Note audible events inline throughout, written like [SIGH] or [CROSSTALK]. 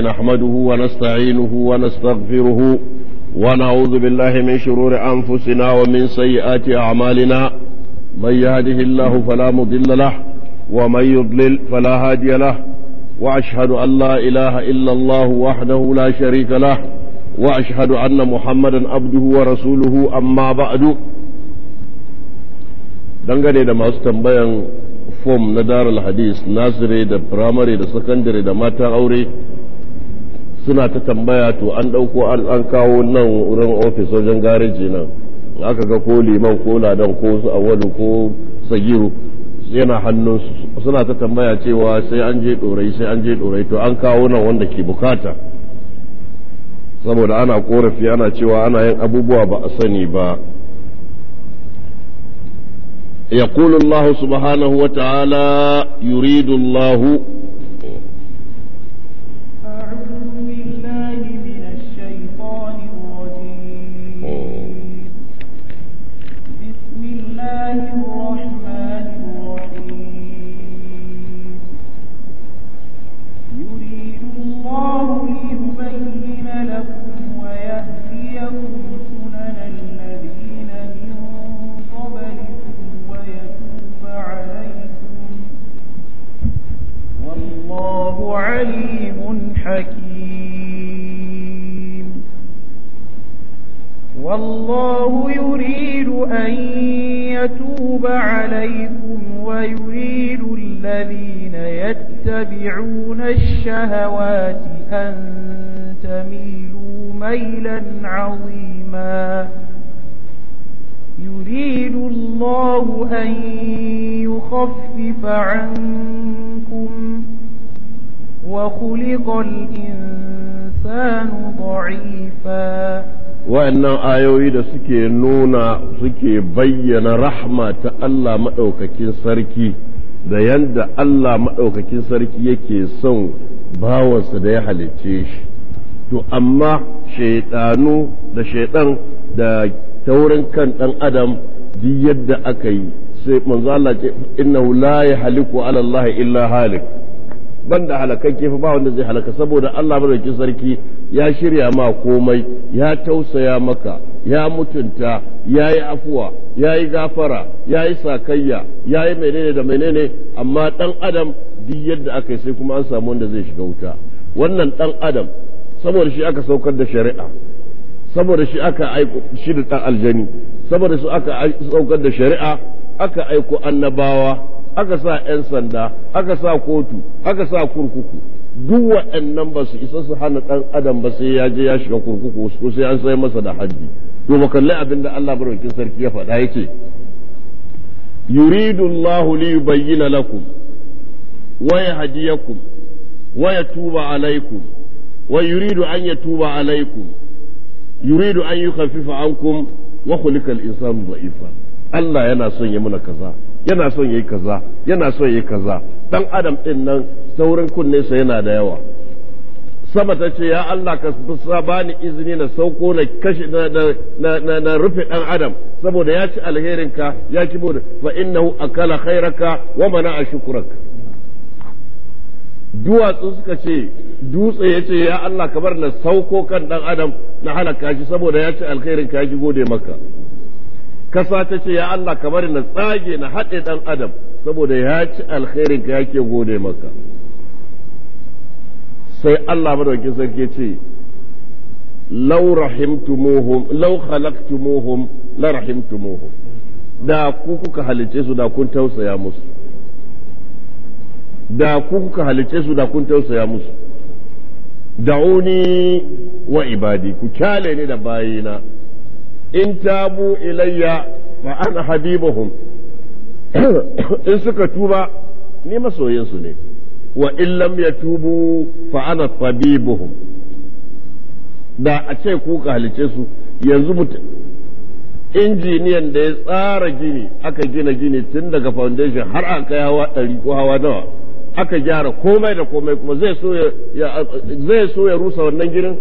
نحمده ونستعينه ونستغفره ونعوذ بالله من شرور أنفسنا ومن سيئات أعمالنا من يهده الله فلا مضل له ومن يضلل فلا هادي له وأشهد أن لا إله إلا الله وحده لا شريك له وأشهد أن محمدا عبده ورسوله أما بعد dangane da masu tambayan fom na darar hadis nasire da firamare da sakandare da matan aure suna ta tambaya to an ɗauko an kawo nan wurin ofis wajen gareji nan aka ga ko liman ko ladan ko su awalu ko sagiru yana hannun suna ta tambaya cewa sai an je ɗorai sai an je ɗorai to an kawo nan wanda ke bukata saboda ana korafi ana cewa ana yin abubuwa ba a sani ba يقول subhanahu سبحانه وتعالى يريد الله يتوب عليكم ويريد الذين يتبعون الشهوات أن تميلوا ميلا عظيما يريد الله أن يخفف عنكم وخلق الإنسان ضعيفاً wa'annan ayoyi da suke nuna suke bayyana rahma ta Allah maɗaukakin sarki da yanda Allah maɗaukakin sarki yake son bawansa da ya halicce shi to amma shaiɗanu da shaiɗan da taurin kan ɗan adam duk yadda aka yi sai manzo Allah ce inna la yahliku ala Allah illa halik banda ke fa ba wanda zai halaka saboda Allah madaukakin sarki ya shirya ma komai ya tausaya maka ya mutunta ya yi afuwa ya yi gafara ya yi sakayya ya yi menene da menene amma ɗan adam duk yadda aka yi sai kuma an samu wanda zai shiga wuta wannan ɗan adam saboda shi aka saukar da shari'a saboda shi aka aiko shi da ɗan aljani saboda su aka saukar da shari'a aka aiko annabawa aka sa 'yan sanda aka sa kotu aka sa kurkuku duk waɗannan ba su isa su hana ɗan adam ba sai ya je ya shiga kurkuku ko sai an sai masa da haddi to ba kalli abin da Allah barkin sarki ya faɗa yake yuridu Allah li yubayyana lakum wa yahdiyakum wa yatuba alaykum wa yuridu an yatuba alaykum yuridu an yukhaffifa ankum wa khuliqa al-insanu da'ifa Allah yana son ya muna kaza yana son yayi kaza yana son yayi kaza dan adam din nan saurin kunne kunnensa yana da yawa sama ta ce ya Allah ka ba ni izini na sauko na kashe na rufe dan adam saboda ya ci alherinka ya ki bude fa innahu akala khairaka wa mana ashkuraka duwatsu suka ce dutse ya ce ya Allah ka bar na sauko kan dan adam na halaka shi saboda ya ci alherin ka ya ki gode maka kasa ta ce ya Allah kamar na tsage na haɗe ɗan adam saboda ya ci alkhairin ka yake gode maka sai Allah madaukin sarki ce law rahimtumuhum law khalaqtumuhum la rahimtumuhum da ku kuka halice su da kun tausaya musu da ku kuka halice su da kun tausaya musu da'uni wa ibadi ku kyale ni da bayina in tabu ilayya fa ana habibuhum [COUGHS] in suka tuba ni masoyinsu ne wa in lam yatubu fa ana tabibuhum da a ce ku ka halice su yanzu injiniyan da ya tsara gini aka gina gini tun daga foundation har an kai hawa ɗari ko hawa nawa aka gyara komai da komai kuma zai so ya rusa wannan girin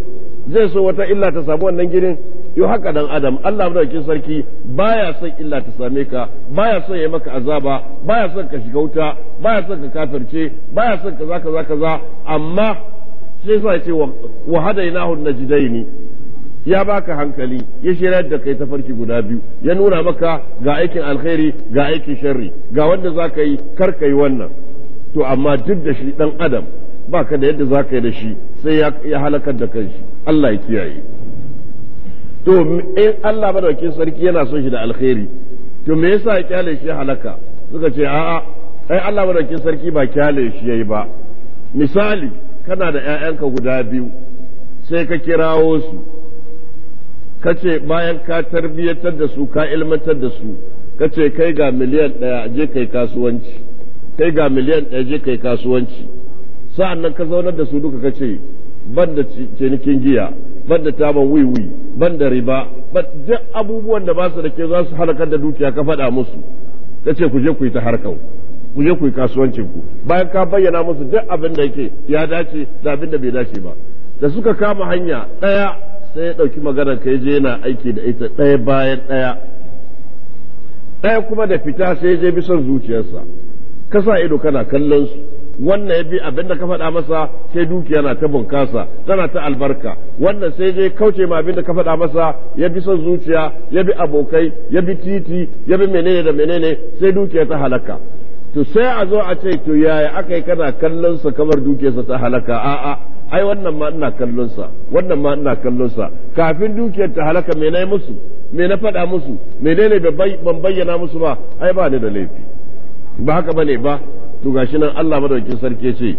zai so wata illa ta samu wannan girin yo haka dan adam Allah madaukakin sarki baya son illa ta same ka baya son ya maka azaba baya son ka shiga wuta baya son ka kafirce baya son zaka zaka za amma sai sai ce wa hadainahu najdaini ya baka hankali ya shirar da kai tafarki guda biyu ya nuna maka ga aikin alkhairi ga aikin sharri ga wanda zaka yi kar ka yi wannan to amma duk da shi dan adam baka da yadda za ka yi da shi sai ya halakar da kanshi Allah ya kiyaye to in Allah madaukin sarki yana son shi da alkhairi to me yasa ya kyale shi halaka suka ce a'a ai Allah madaukin sarki ba kyale shi yayi ba misali kana da ƴaƴanka guda biyu sai ka kirawo su ka ce bayan ka tarbiyyatar da su ka ilmantar da su ka ce kai ga miliyan ɗaya je kai kasuwanci kai ga miliyan ɗaya je kai kasuwanci sa'an nan ka zaunar da su duka ka ce ban da cinikin giya banda taban wiwi banda riba duk abubuwan da ba su da ke za su halakar da dukiya ka faɗa musu ka ce ku je ku yi ta harkar ku je ku yi kasuwancin ku bayan ka bayyana musu duk abin da yake ya dace da abin da bai dace ba da suka kama hanya ɗaya sai ya ɗauki maganar ka je yana aiki da ita ɗaya bayan ɗaya ɗaya kuma da fita sai ya je bisan zuciyarsa ka sa ido kana kallon su wannan ya bi abin da ka faɗa masa sai dukiya na ta bunkasa tana ta albarka wannan sai dai kauce ma abin da ka faɗa masa ya bi son zuciya ya bi abokai ya bi titi ya bi menene da menene sai dukiya ta halaka to sai a zo a ce to yaya aka yi kana kallon sa kamar dukiyarsa ta halaka a'a ai wannan ma ina kallon sa wannan ma ina kallon sa kafin dukiyar ta halaka me na musu me na faɗa musu menene ban bayyana musu ba ai ba ni da laifi ba haka bane ba to gashi nan Allah madaukakin sarki ce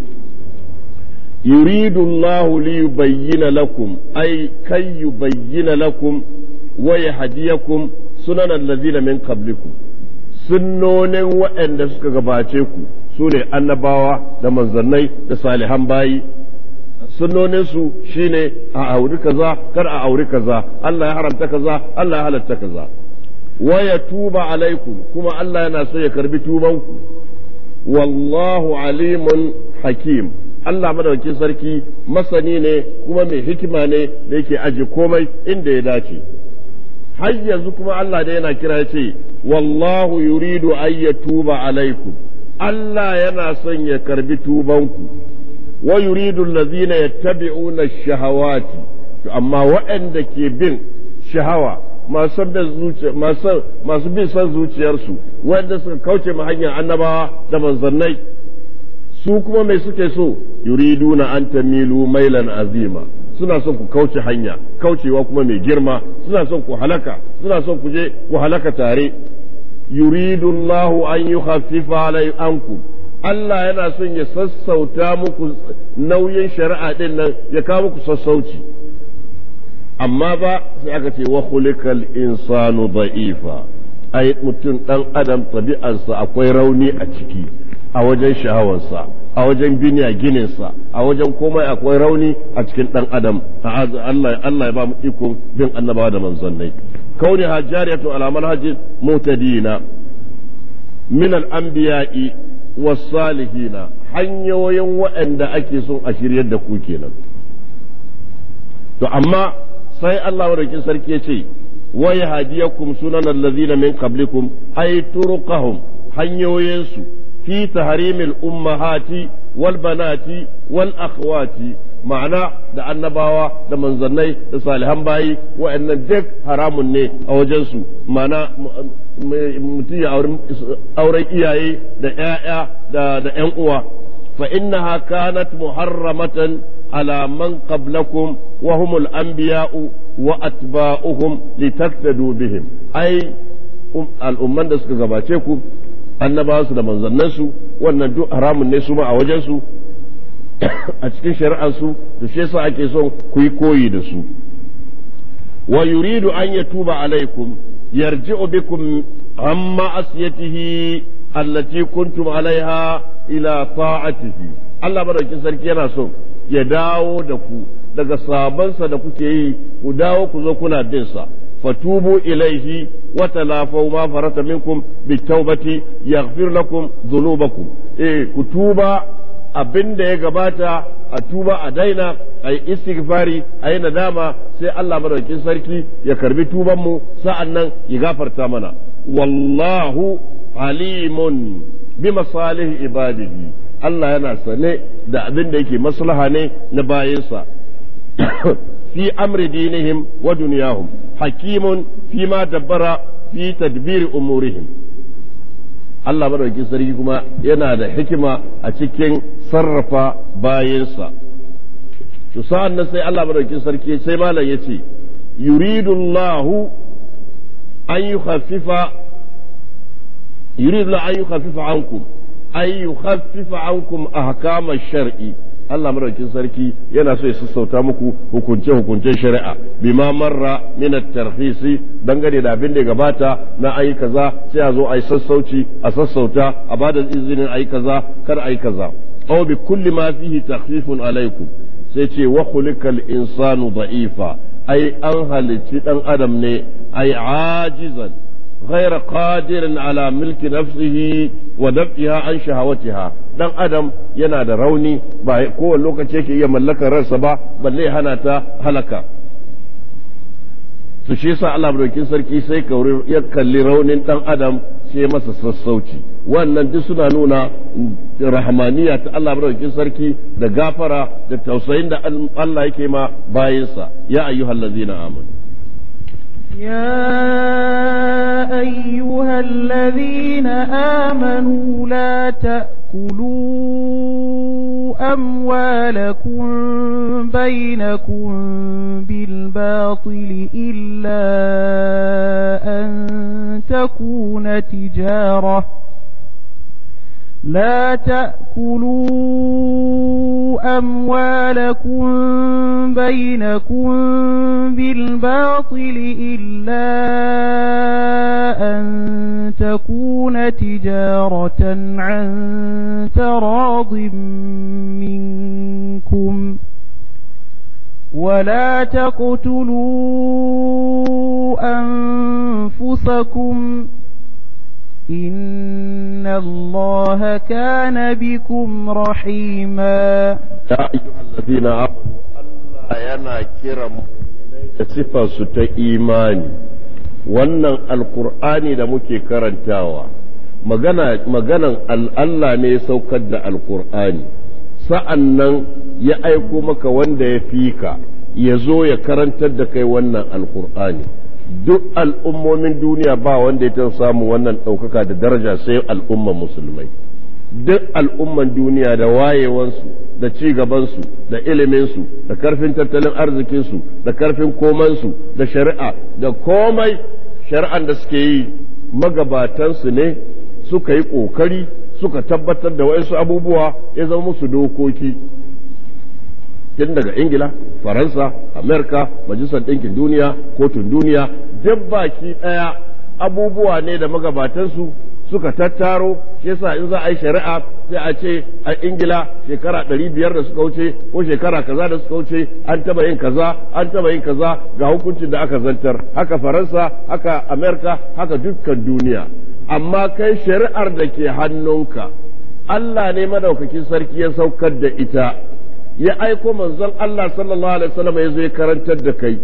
yuridu Allah li yubayyana lakum ay kay yubayyana lakum wa yahdiyakum sunan allazina min qablikum sunnonin waɗanda suka gabace ku su ne annabawa da manzannai da salihan bayi sunnoninsu shine a auri kaza kar a auri kaza Allah ya haramta kaza Allah ya halatta kaza wa ya tuba alaikum kuma Allah yana so ya karbi tubanku wallahu alimun hakim Allah madaukin sarki masani ne kuma mai hikima ne da yake aji komai inda ya dace har yanzu kuma Allah da yana kira yace wallahu yuridu an tuba alaikum Allah yana son ya karbi tubanku wa yuridu allazina yattabi'una ash-shahawati amma waɗanda ke bin shahawa masu bin san zuciyarsu wanda suka kauce ma hanyar annabawa da manzannai su kuma mai suke so yuriduna an tamilu mailan azima suna son ku kauce hanya kaucewa kuma mai girma suna son ku halaka suna son ku je ku halaka tare yuridullahu an yukhaffifa alai anku. Allah yana son ya sassauta muku nauyin shari'a din nan ya kawo muku sassauci amma ba sai aka ce wa khuliqal insanu da'ifa ai mutum dan adam tabi'arsa akwai rauni a ciki a wajen sha'awarsa a wajen biniya gininsa a wajen komai akwai rauni a cikin dan adam Allah Allah ya ba mu iko bin annabawa da manzannai kauni hajjariyatu ala manhaji mutadina min al-anbiya'i was-salihina hanyoyin waɗanda ake son a shiryar da ku kenan to amma sai Allah madaukin sarki ya ce wa kum sunan allazina min qablikum ay turuqahum hanyoyinsu fi tahrimil ummahati wal banati wal akhwati ma'ana da annabawa da manzannai da salihan bayi wa'annan duk haramun ne a wajensu ma'ana mutum ya auren iyaye da 'ya'ya da 'yan uwa فإنها كانت محرمة على من قبلكم وهم الأنبياء وأتباؤهم لتقتدوا بهم أي al'umman da suka gabace ku annabawansu da manzannansu wannan duk haramun ne su ma a wajensu a cikin su da shi yasa ake son ku yi koyi da su wa yuridu an ya tuba alaikum yarji'u bikum amma asiyatihi allati kuntum alaiha ila ta'atihi Allah madaukin sarki yana so ya dawo da ku daga sabansa da kuke yi ku dawo ku zo kuna bin sa fatubu ilaihi wa talafaw ma farata minkum bitawbati yaghfir lakum dhunubakum eh ku tuba abin da ya gabata a tuba a daina a yi istighfari a yi nadama sai Allah madaukakin sarki ya karbi tubanmu sa'an nan ya gafarta mana wallahu alimun bi masalih ibadihi Allah yana sane da abin da yake maslaha ne na bayansa [COUGHS] fi amri dinihim wa duniyahum hakimun fi ma dabbara fi tadbiri umurihim Allah madaukakin sarki kuma yana da hikima a cikin sarrafa bayansa to sa'an nan sai Allah madaukakin sarki sai malam yace yuridu Allahu an yukhaffifa yuridu an yukhaffifa ankum an yukhaffifa a ahkama shar'i Allah madaukin sarki yana so ya sassauta muku hukunce hukuncen shari'a bima marra min at-tarhisi dangane da abin da gabata na ayi kaza sai a zo ayi sassauci a sassauta a bada izinin ayi kaza kar ayi kaza aw bi kulli ma fihi takhfifun alaikum sai ce wa khuliqal insanu da'ifa ai an halicci dan adam ne ai ajizan غير قادر على ملك نفسه ودفعها عن شهوتها dan adam yana da rauni ba كو lokaci yake iya mallakar با ba balle hana ta halaka su shi yasa Allah madaukin sarki sai kauri ya kalli raunin dan adam sai masa sassauci wannan duk suna nuna rahmaniya ta Allah madaukin sarki da gafara da tausayin da Allah yake ma bayinsa ya ayyuhallazina amanu يا أيها الذين آمنوا لا تأكلوا أموالكم بينكم بالباطل إلا أن تكون تجارة لا تأكلوا أموالكم بينكم بالباطل إلا أن تكون تجارة عن تراض منكم ولا تقتلوا أنفسكم إن الله كان بكم رحيما يا أيها الذين آمنوا الله ينا كرم صفة إيماني wannan alkur'ani da muke karantawa maganan Allah ne saukar da alkur'ani sa'an nan ya aiko maka wanda ya fi ka ya zo ya karantar da kai wannan alkur'ani duk al'ummomin duniya ba wanda ya taɓa samu wannan ɗaukaka da daraja sai al'umman musulmai duk al'umman duniya da wayewansu da ci gabansu da iliminsu da karfin tattalin arzikinsu da karfin komansu da shari'a da komai shari'an da suke yi magabatansu ne suka yi ƙoƙari suka tabbatar da waɗansu abubuwa ya zama musu dokoki tun daga ingila faransa amerika majalisar ɗinkin duniya kotun duniya duk baki ɗaya abubuwa ne da magabatansu suka tattaro shi yasa in za a yi shari'a sai a ce a ingila shekara ɗari biyar da suka wuce ko shekara kaza da suka wuce an taba yin kaza an taba yin kaza ga hukuncin da aka zantar haka faransa haka amerika haka dukkan duniya amma kai shari'ar da ke hannunka allah ne madaukakin sarki ya saukar da ita ya aiko manzon Allah sallallahu alaihi wasallam ya zo ya karantar da kai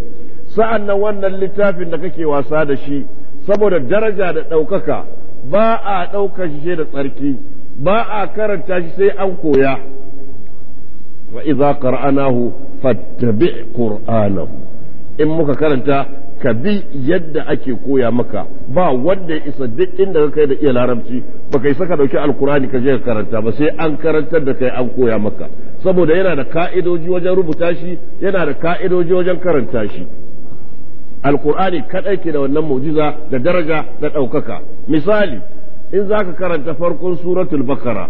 sa'annan wannan littafin da kake wasa da shi saboda daraja da ɗaukaka ba a ɗaukar shi da tsarki ba a karanta shi sai an koya wa idza qara'nahu fattabi qur'anahu in muka karanta ka bi yadda ake koya maka ba wanda ya isa duk inda ka kai da iya larabci baka kai saka dauki alkurani ka je ka karanta ba sai an karantar da kai an koya maka saboda yana da ka'idoji wajen rubuta shi yana da ka'idoji wajen karanta shi alkur'ani kadai ke da wannan mu'jiza da daraja da ɗaukaka misali in za ka karanta farkon suratul bakara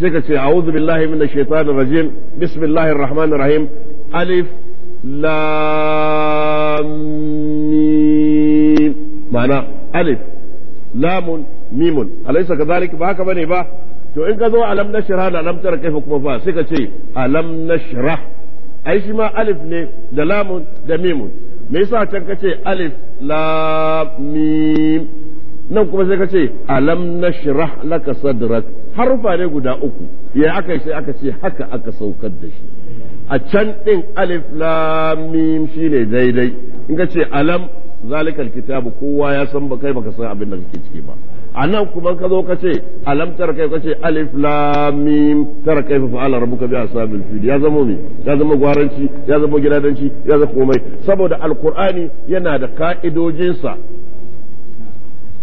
sai ka ce a'udhu billahi minash shaitanir rajim bismillahir rahmanir rahim alif lam mim ma'ana alif lamun mimun alaysa kadhalik ba haka bane ba to in ka zo alam nashra da alam tara kaifa kuma fa sai ka ce alam nashra ai shi ma alif ne da lamun da mimun me yasa can ka ce alif lam mim nan kuma sai ka ce alam nashrah laka sadrak harufa ne guda uku ya aka yi sai aka ce haka aka saukar da shi a can din alif lam mim shine daidai in ka ce alam zalikal kitabu kowa ya san ba kai baka san abin da kake ciki ba a nan kuma ka zo ka ce alam tara kai ka ce alif lam mim tara kai fa ala rabbuka bi ashabil fil ya zama me ya zama gwaranci ya zama gidadanci ya zama komai saboda alqur'ani yana da ka'idojinsa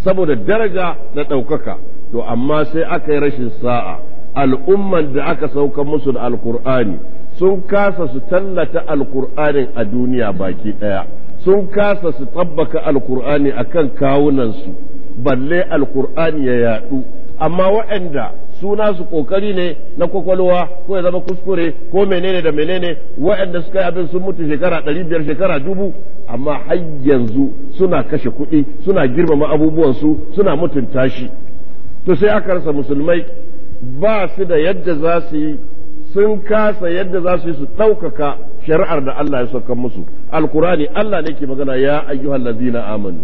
saboda daraja da ɗaukaka to amma sai aka yi rashin sa'a al'umman da aka sauka musu da alkur'ani sun kasa su tallata alkur'anin a duniya baki ɗaya sun kasa su tabbaka alkur'ani akan su. balle alkur'ani ya yadu amma waɗanda suna su kokari ne na kwakwalwa ko ya zama kuskure ko menene da menene waɗanda suka yi abin sun mutu shekara ɗari biyar shekara dubu amma har yanzu suna kashe kuɗi suna girmama abubuwansu suna mutunta shi to sai aka rasa musulmai ba su da yadda za su yi sun kasa yadda za su yi su ɗaukaka shari'ar da Allah ya saukar musu alkurani Allah ne ke magana ya na amanu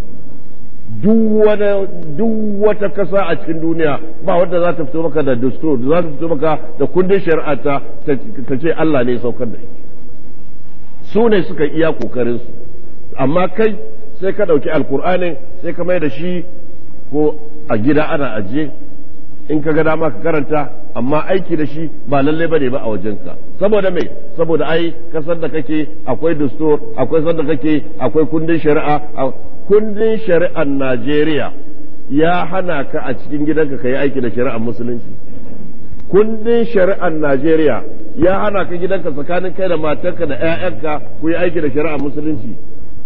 duk wata kasa a cikin duniya ba wadda za ta fito maka da dastur za ta fito maka da kundin shari'ata ta ce Allah ne saukar da ita su ne suka iya kokarin su amma kai sai ka ɗauki alkur'anin sai ka mai da shi ko a gida ana ajiye in ka ga dama ka karanta amma aiki da shi ba lallai bane ba a wajenka saboda me saboda ai kasar da kake akwai dastur akwai sanda kake akwai kundin shari'a kundin shari'ar Najeriya ya hana ka a cikin gidanka ka yi aiki da shari'ar musulunci kundin shari'ar Najeriya ya hana ka gidanka tsakanin kai da matarka da 'ya'yanka ku yi aiki da shari'ar musulunci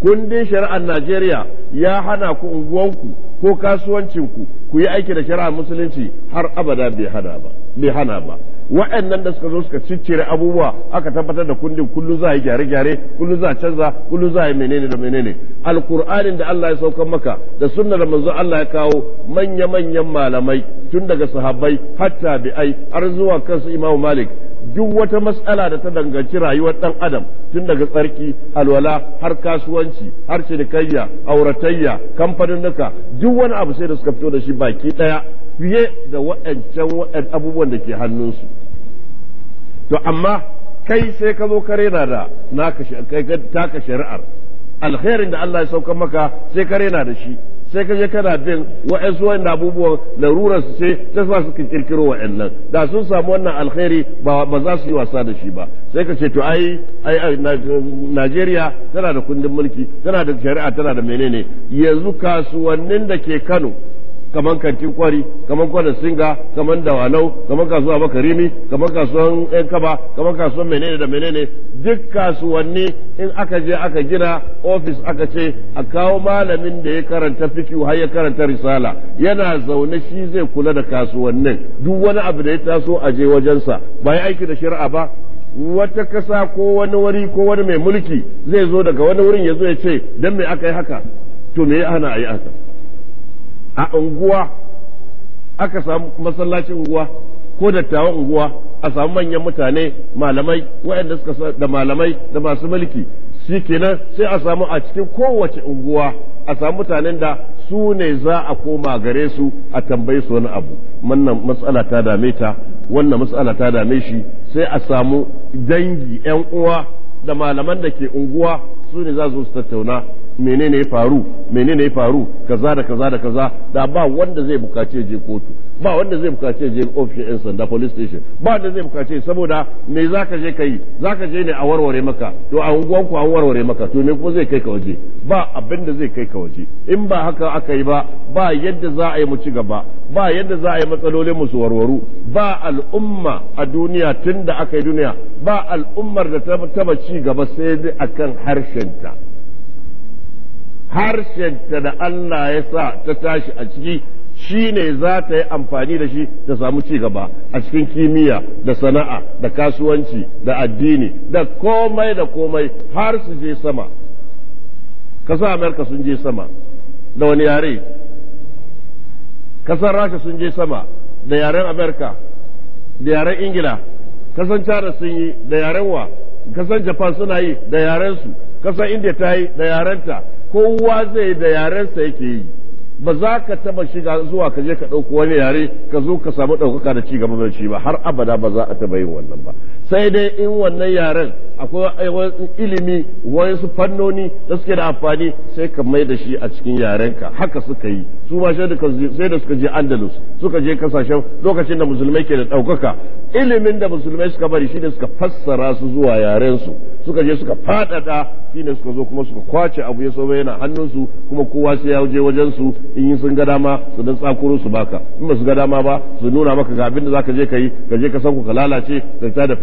kundin shari'ar Najeriya ya hana ku unguwanku ko kasuwancinku ku yi aiki da shari'ar musulunci har abada bai hana ba waɗannan da suka zo suka ciccire abubuwa aka tabbatar da kundin kullu za a yi gyare-gyare kullu za a canza kullu za a yi menene da menene alkur'anin da Allah ya sauka maka da sunnar da manzo Allah ya kawo manya-manyan malamai tun daga sahabbai hatta ai har zuwa kansu imamu Malik duk wata matsala da ta danganci rayuwar dan adam tun daga tsarki alwala har kasuwanci har cinikayya auratayya kamfanin duk wani abu sai da suka fito da shi baki ɗaya fiye da waɗancan abubuwan da ke hannunsu to amma kai sai ka zo ka rena da taka shari'ar alherin da Allah ya sauka maka sai ka rena da shi sai ka je kana bin wa'ansu wa'anda abubuwan larurar su ce ta sa su kirkiro wa'annan da sun samu wannan alkhairi ba za su yi wasa da shi ba sai ka ce to ai ai Najeriya tana da kundin mulki tana da shari'a tana da menene yanzu kasuwannin da ke Kano kamar kantin kwari kamar kwana singa kaman dawanau kamar kasuwa karimi kamar kasuwan yan kaba kaman kasuwan menene da menene duk kasuwanni in aka je aka gina ofis aka ce a kawo malamin da ya karanta fikiyu har ya karanta risala yana zaune shi zai kula da kasuwannin duk wani abu da ya taso a je wajensa ba ya aiki da shari'a ba wata kasa ko wani wuri ko wani mai mulki zai zo daga wani wurin ya zo ya ce don me aka yi haka to me ya hana ayi yi haka a unguwa aka samu masallacin unguwa ko dattawan unguwa a samu manyan mutane malamai waɗanda suka da malamai da masu mulki shi kenan sai a samu a cikin kowace unguwa a samu mutanen da su ne za a koma gare su a tambaye su wani abu wannan matsala ta dame ta wannan matsala ta dame shi sai a samu dangi yan uwa da malaman da ke unguwa su ne za su tattauna menene ya faru menene ya faru kaza da kaza da kaza da ba wanda zai bukace je kotu ba wanda zai bukace je ofishin yan sanda police station ba wanda zai bukace saboda me zaka je kai zaka je ne a warware maka to a unguwan ku a warware maka to me ko zai kai ka waje ba abin zai kai ka waje in ba haka aka yi ba ba yadda za a yi mu ci gaba ba yadda za a yi matsalolin mu su warwaru ba al'umma a duniya tunda aka yi duniya ba al'ummar da ta taba ci gaba sai dai akan harshenta harshenta da Allah ya sa ta tashi a ciki shi ne za ta yi amfani da shi ta samu ci gaba a cikin kimiyya da sana'a da kasuwanci da addini da komai da komai har su je sama kasar amerika sun je sama da wani yare kasar rasha sun je sama da yaren amerika da yaren ingila kasan china sun yi da yaren wa kasan japan suna yi da yarensu kasar india ta yi da yarenta kowa zai da yarensa yake yi ba za ka taba shiga zuwa ka je ka ɗauko wani yare ka zo ka samu ɗaukaka da ci gaba da shi ba har abada ba za a taba yin wannan ba sai dai in wannan yaren akwai ilimi wasu fannoni da suke da amfani sai ka mai da shi a cikin yarenka haka suka yi su ma sai da suka je andalus suka je kasashen lokacin da musulmai ke da ɗaukaka ilimin da musulmai suka bari shi shine suka fassara su zuwa yarensu suka je suka faɗaɗa shine suka zo kuma suka kwace abu ya sobe yana hannun su kuma kowa sai ya je wajen su in yi sun ga dama su dan tsakuro su baka in ba su ga dama ba su nuna maka ga abin da zaka je ka yi ka je ka san ku ka lalace ka ta da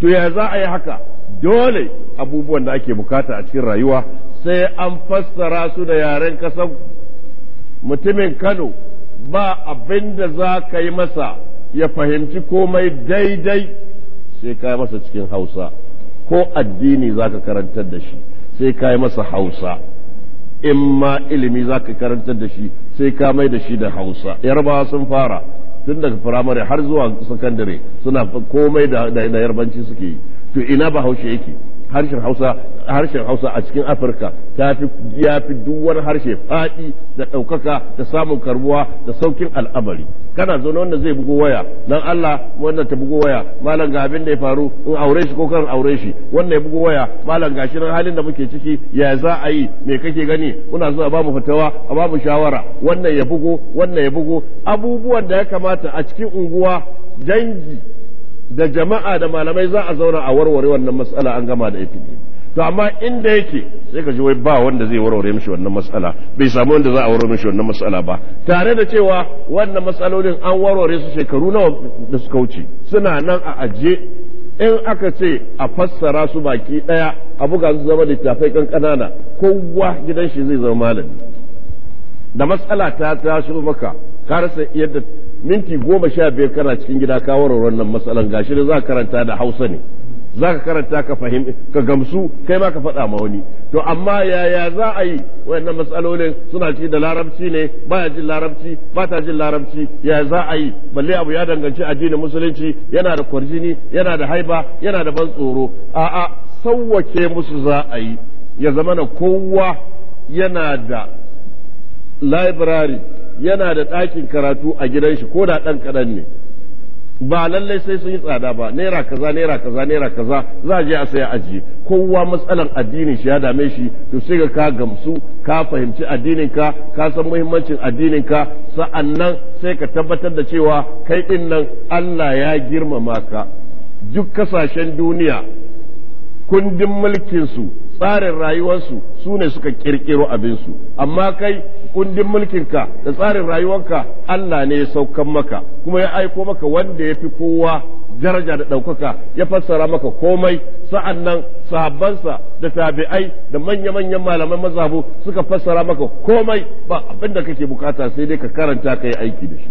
to ya za a yi haka dole abubuwan da ake bukata a cikin rayuwa sai an fassara su da yaren kasan mutumin kano ba abin da za ka yi masa ya fahimci komai daidai sai ka yi masa cikin hausa ko addini za ka karantar da shi sai ka yi masa hausa in ma ilimi za ka karantar da shi sai ka mai da shi da hausa yarbawa sun fara tun daga firamare har zuwa sakandare suna komai da yarbanci suke yi to ina bahaushe yake harshen hausa harshen hausa a cikin afirka ya fi duwar harshe faɗi da ɗaukaka da samun karbuwa da saukin al'amari kana zaune wanda zai bugo waya dan Allah wanda ta bugo waya malam ga abin da ya faru in aure shi ko kan aure shi wanda ya bugo waya malam ga shi halin da muke ciki ya za a yi me kake gani kuna zuwa ba mu fitawa a ba mu shawara wannan ya bugo wannan ya bugo abubuwan da ya kamata a cikin unguwa dangi da jama'a da malamai za a zauna a warware wannan matsala an gama da ita to amma inda yake sai ka ji wai ba wanda zai warware mishi wannan matsala bai samu wanda za a warware mishi wannan matsala ba tare da cewa wannan matsalolin an warware su shekaru nawa da suka wuce suna nan a ajiye in aka ce a fassara su baki daya a buga su zama littafai kan kanana kowa gidan shi zai zama malami da matsala ta tashi maka ka yadda minti goma sha biyar kana cikin gida ka warware wannan matsalan gashi da za karanta da hausa ne za ka karanta ka fahimci ka gamsu kai ma ka faɗa ma wani to amma yaya za a yi wannan matsalolin suna ci da larabci ne baya jin larabci ba ta jin larabci ya za a yi balle abu ya danganci addinin musulunci yana da kwarjini yana da haiba yana da ban tsoro a'a sauwake musu za a yi ya zama na kowa yana da library yana da ɗakin karatu a gidan shi ko da ɗan kaɗan ne ba lallai sai sun yi tsada ba naira kaza naira kaza naira kaza za a je a saya ajiye kowa matsalan addinin shi ya dame shi to sai ka gamsu ka fahimci addinin ka ka san muhimmancin addinin ka sa'annan sai ka tabbatar da cewa kai din nan Allah ya girmama ka duk kasashen duniya kundin mulkin su tsarin rayuwarsu su ne suka kirkiro abinsu amma kai kundin mulkinka da tsarin rayuwarka Allah ne ya saukan maka kuma ya aiko maka wanda ya fi kowa daraja da ɗaukaka ya fassara maka komai sa'an nan sahabbansa da tabi'ai da manya-manyan malaman mazhabu suka fassara maka komai ba abin da kake bukata sai dai ka karanta ka yi aiki da shi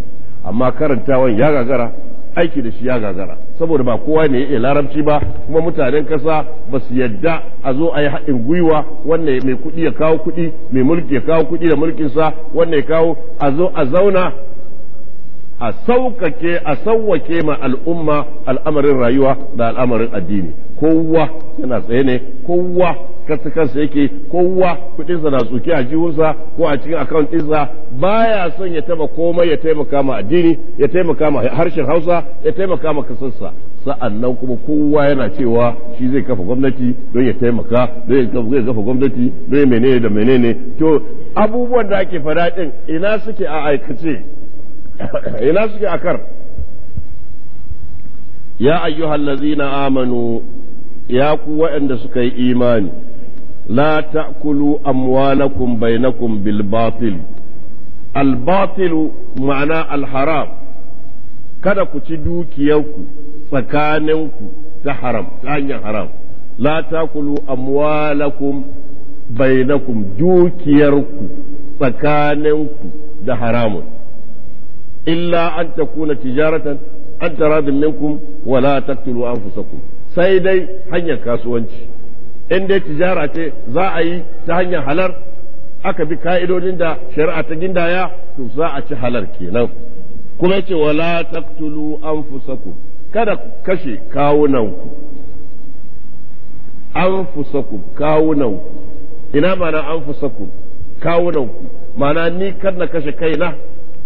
amma karantawan ya gagara aiki da shi ya gagara saboda ba kowa ne ya iya larabci ba kuma mutanen kasa ba su yadda a zo a yi haɗin gwiwa wannan mai kuɗi ya kawo kuɗi mai mulki ya kawo kuɗi da mulkinsa wannan ya kawo a zo a zauna a sauƙaƙe a sauwaƙe ma al'umma al'amarin rayuwa da al'amarin addini kowa yana tsaye ne kowa kansa kansa yake kowa kuɗinsa na tsuke a jihunsa ko a cikin akawuntinsa ba baya son ya taba komai ya taimaka ma addini ya taimaka ma harshen hausa ya taimaka ma kasarsa sa'annan kuma kowa yana cewa shi zai kafa gwamnati don ya taimaka don ya kafa gwamnati don ya menene da menene to abubuwan da ake fadaɗin ina suke a aikace [LAUGHS] ina suke akar ya lazina amanu ya ku waɗanda suka yi imani la ta'kulu amwalakum bainakum bil batil al batil ma'ana al haram kada ku ci dukiyarku tsakaninku ta haram ta hanyar haram la ta'kulu amwalakum bainakum dukiyarku tsakaninku da haramun illa an takuna تجارة an تراد منكم wala تقتلوا أنفسكم sai dai hanyar kasuwanci in dai tijara ce za a yi ta hanyar halar aka bi ka'idodin da shari'a ta gindaya to za a ci halar kenan kuma yace wala taqtulu anfusakum kada kashe kawunanku anfusakum kawunanku ina ma'ana anfusakum kawunanku ma'ana ni kada kashe kaina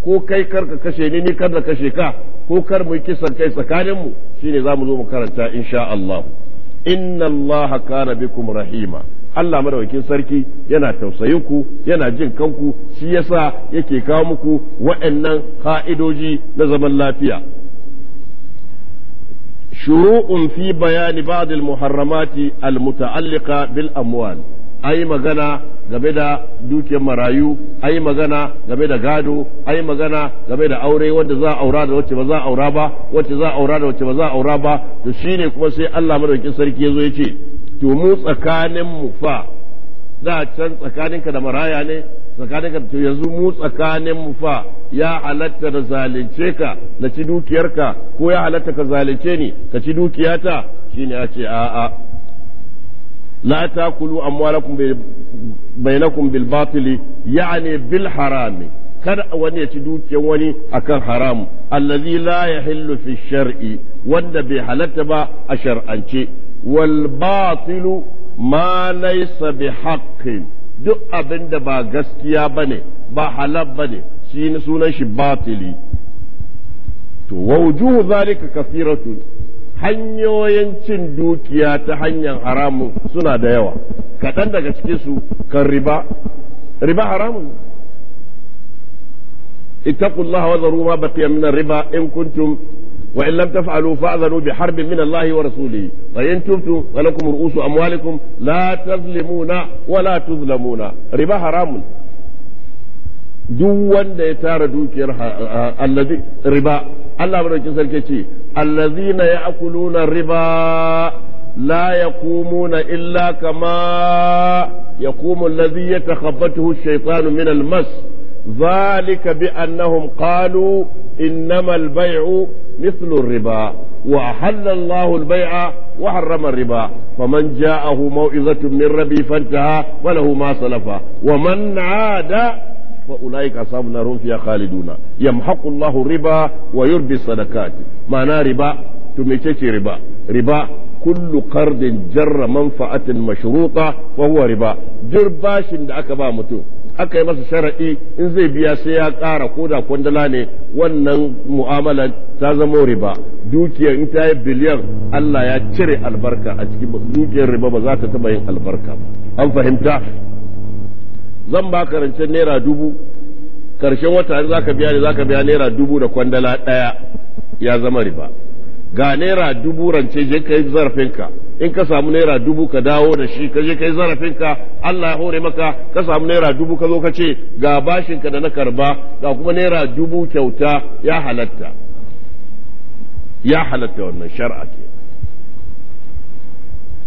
ko kai kar ka kashe ni ni kar na kashe ka ko kar mu kisan kai tsakaninmu shine za mu zo mu karanta insha Allah inna Allah kana bikum rahima Allah madaukakin sarki yana tausayin ku yana jin kanku shi yasa yake kawo muku waɗannan ka'idoji na zaman lafiya shuru'un fi bayani ba'd al-muharramati al-muta'alliqa bil amwal an yi magana game da dukiyar marayu an yi magana game da gado an yi magana game da aure wanda za a aura da wacce ba za a aura ba wacce za a aura da wacce ba za a aura ba to shine kuma sai Allah madaukakin sarki yazo ya ce to mu tsakanin mu fa da can tsakaninka da maraya ne tsakaninka to yanzu mu tsakanin mu fa ya halatta da zalunce ka na ci dukiyarka ko ya halatta ka zalunce ni ka ci dukiyata shine ya ce a'a لا تاكلوا اموالكم بينكم بالباطل يعني بالحرام kada wani ya ci dukiyar wani akan haramu allazi la yahillu fi shar'i wanda bai halatta ba a shar'ance wal batilu ma laysa bi haqqin duk abin da ba gaskiya bane ba halal bane shi sunan shi batili to wujuhu zalika kathiratun hanyoyin cin dukiya ta hanyar haramu suna da yawa kaɗan daga su kan riba riba haramun ittaqullaha wa zaru ma baqiya min riba in kuntum wa in lam taf'alu fa'zanu bi harbin min Allah wa rasulih wa in tubtum wa ru'usu amwalikum la tazlimuna wa la tuzlamuna riba haramun duk wanda ya tara dukiyar allazi riba Allah madaukin sarki ce na ya akuluna riba la ya na illa kama ya kumu allazi ya takabbatu shaitanu min almas zalika bi annahum qalu innama albay'u mithlu riba wa halalla Allahu albay'a wa harrama a faman ja'ahu maw'izatun min rabbi fantaha wa lahu ma salafa wa man 'ada وأولئك أصحاب النار هم فيها خالدون يمحق الله الربا ويربي الصدقات معنى ربا تميتشي ربا ربا كل قرض جر منفعة مشروطة وهو ربا جرباش دعك با متو aka yi masa shara'i in zai biya sai ya ƙara ko da kwandala ne wannan mu'amala ta zama riba dukiyar in ta yi biliyan Allah ya cire albarka a cikin dukiyar riba ba za ta taɓa yin albarka an fahimta zan ba ka rancen naira dubu karshen wata za ka biya ne za ka biya naira dubu da kwandala ɗaya ya zama riba ga naira dubu rance je ka yi zarafinka in ka samu naira dubu ka dawo da shi ka je ka yi zarafinka Allah ya hore maka ka samu naira dubu ka zo ka ce ga bashinka da na karba ga kuma naira dubu kyauta ya halatta ya halatta wannan shar'a ke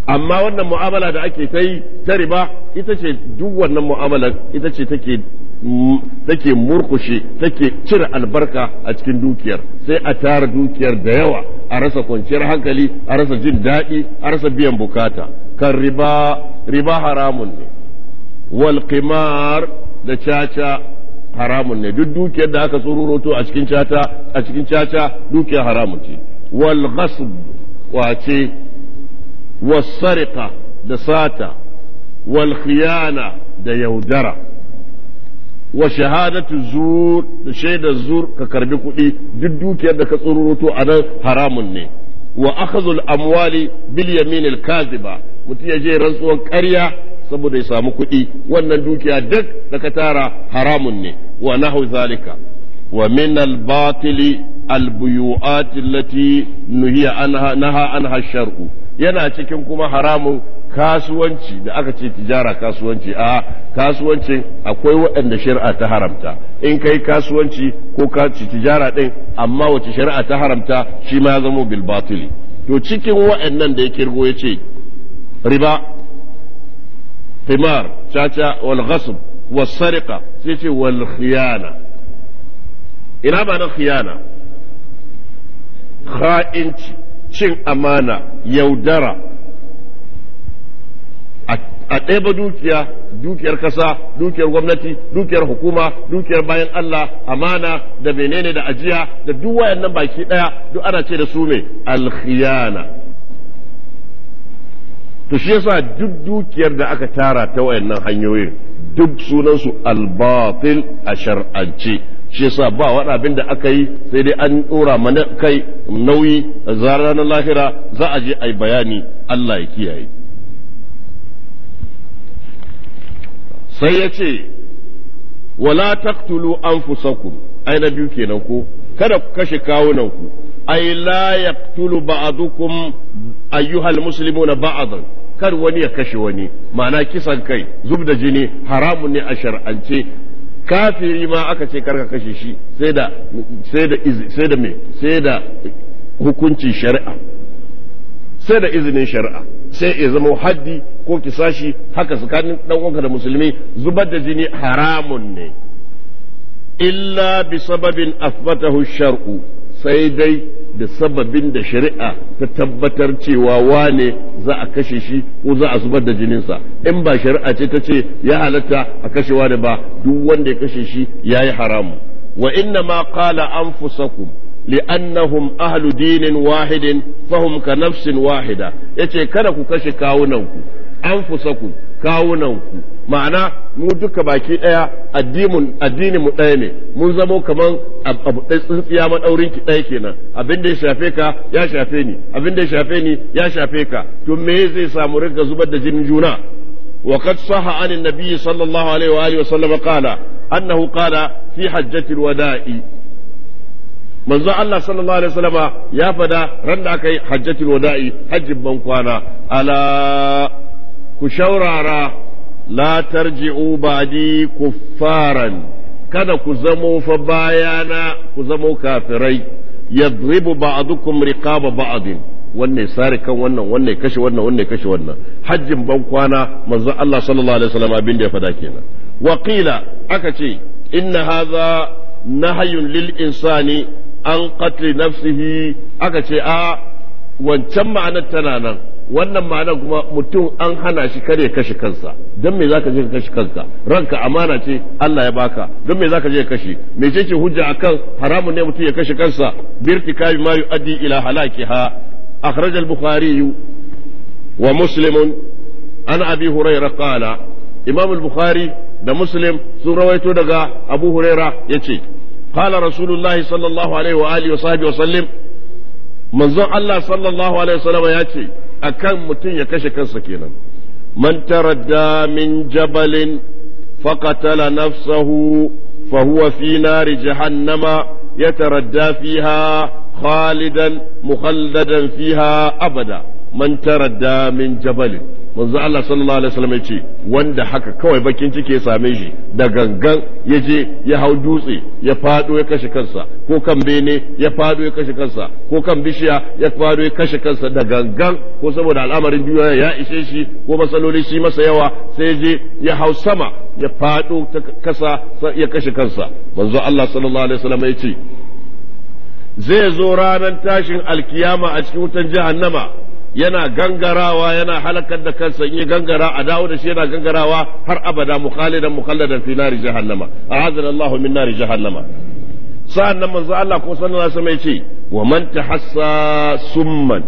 amma wannan mu'amala da ake ta yi ta riba ita ce duk wannan mu'amala ita ce take take murkushe take cire albarka a cikin dukiyar sai a tara dukiyar da yawa a rasa kwanciyar hankali a rasa jin daɗi a rasa biyan bukata kan riba riba haramun ne wal qimar da caca haramun ne duk dukiyar da aka tsururoto a cikin caca a cikin caca dukiyar haramun ce wal ghasb wace والسرقة دساتا والخيانة ديودرة وشهادة الزور شهادة الزور ككربكو دي ددوك يدك صروتو أنا حرام ني وأخذ الأموال باليمين الكاذبة متيجي رزقون كريا saboda ya samu kuɗi wannan dukiya duk da ka tara haramun ne wa nahu zalika wa min al-batili al-buyu'at allati nuhiya anha naha anha shar'u yana cikin kuma haramun kasuwanci da aka ce tijara kasuwanci a kasuwanci akwai waɗanda shari'a ta haramta in kai kasuwanci ko ka tijara ɗin amma wace shari'a ta haramta shi ma ya zama bil to cikin waɗannan da ya kirgo ya ce riba qimar caca wal ghasb wal sai ce wal ina ba na khiyana kha'inci cin amana yaudara a ɗeba dukiya dukiyar ƙasa dukiyar gwamnati dukiyar hukuma dukiyar bayan Allah amana da menene da ajiya da duk wayannan baki ɗaya duk ana ce da su ne alkhiyana to shi yasa duk dukiyar da aka tara ta wayannan hanyoyin duk sunansu albatil a shar'ance shi yasa ba wani abin da aka yi sai dai an ɗora mana kai nauyi ranar lahira za a je a yi bayani Allah ya kiyaye sai ya ce wala an anfusakum ai na biyu kenan ko kada ku kashe kawunan ku, ai la yaqtulu ba'dukum ayyuhal na ba'dan kar wani ya kashe wani ma'ana kisan kai zub da jini haramun ne a shar'ance kafiri ma aka ce karka kashe shi sai da hukuncin shari'a sai da izinin shari'a sai ya zama haddi ko kisashi haka tsakanin dan uwanka da musulmi zubar da jini haramun ne illa bi sababin asbatahu shar'u sai dai da sababin da shari'a ta tabbatar cewa wane za a kashe shi ko za a zubar da jininsa in ba shari'a ce ta ce ya halatta a kashe wane ba duk wanda ya kashe shi ya yi haramu wa inna ma qala anfusakum li'annahum ahlu dinin wahidin fahum ka nafsin wahida yace kada ku kashe kawunanku an anfusakum kawunanku ma'ana mu duka baki ɗaya addinin mu ɗaya ne mun zamo kaman abu ɗaya tsintsiya maɗaurin ki ɗaya kenan abin da ya shafe ka ya shafe ni abin da ya shafe ni ya shafe ka to me zai samu riga zubar da jinin juna وقد صح عن sallallahu alaihi wa alihi wa sallam qala annahu qala fi حجة الوداع manzo Allah sallallahu alaihi sallama ya fada ran da aka yi hajjatul wada'i hajjin ban kwana ala ku shaurara la tarji'u ba'di kuffaran kada ku zamo fa bayana ku zamo kafirai yadribu ba'dukum riqaba ba'din wannan sare kan wannan wannan kashe wannan wannan kashe wannan hajjin ban kwana manzo Allah sallallahu alaihi wasallam abin da ya fada kenan wa qila aka ce inna hadha nahyun lil insani an qatli nafsihi aka ce a wancan ma'anar tana nan wannan ma'ana kuma mutum an hana shi kare kashe kansa don me zaka je ka kashe kanka ranka amana ce Allah ya baka don me zaka je ka kashe ce hujja akan haramun ne mutum ya kashe kansa Birti kabi ma yu'addi ila halakiha akhraj al-bukhari wa muslim an abi hurairah qala imam al-bukhari da muslim sun rawaito daga abu ya yace qala rasulullahi sallallahu alaihi wa alihi wa sahbihi wa sallam manzon Allah sallallahu alaihi wa sallam ce. akan mutum ya kashe kansa kenan man taradda min jabalin faqatala nafsahu fa huwa fi nari jahannama yataradda fiha khalidan mukhalladan fiha abada man taradda min jabalin manzo Allah sallallahu alaihi wasallam yace wanda haka kawai bakin ciki ya same shi da gangan ya je ya hau dutse ya fado ya kashe kansa ko kan bene ya fado ya kashe kansa ko kan bishiya ya fado ya kashe kansa da gangan ko saboda al'amarin duniya ya ishe shi ko matsaloli shi masa yawa sai je ya hau sama ya fado ta kasa ya kashe kansa manzo Allah sallallahu alaihi wasallam yace zai zo ranar tashin alkiyama a cikin wutan jahannama yana gangarawa yana halakar da kansa in gangara a dawo da shi yana gangarawa har abada mukhalidan mukhalladan fi nari jahannama a'adana Allahu min nari jahannama sa'an nan manzo Allah ko sallallahu alaihi ce wa man tahassa summan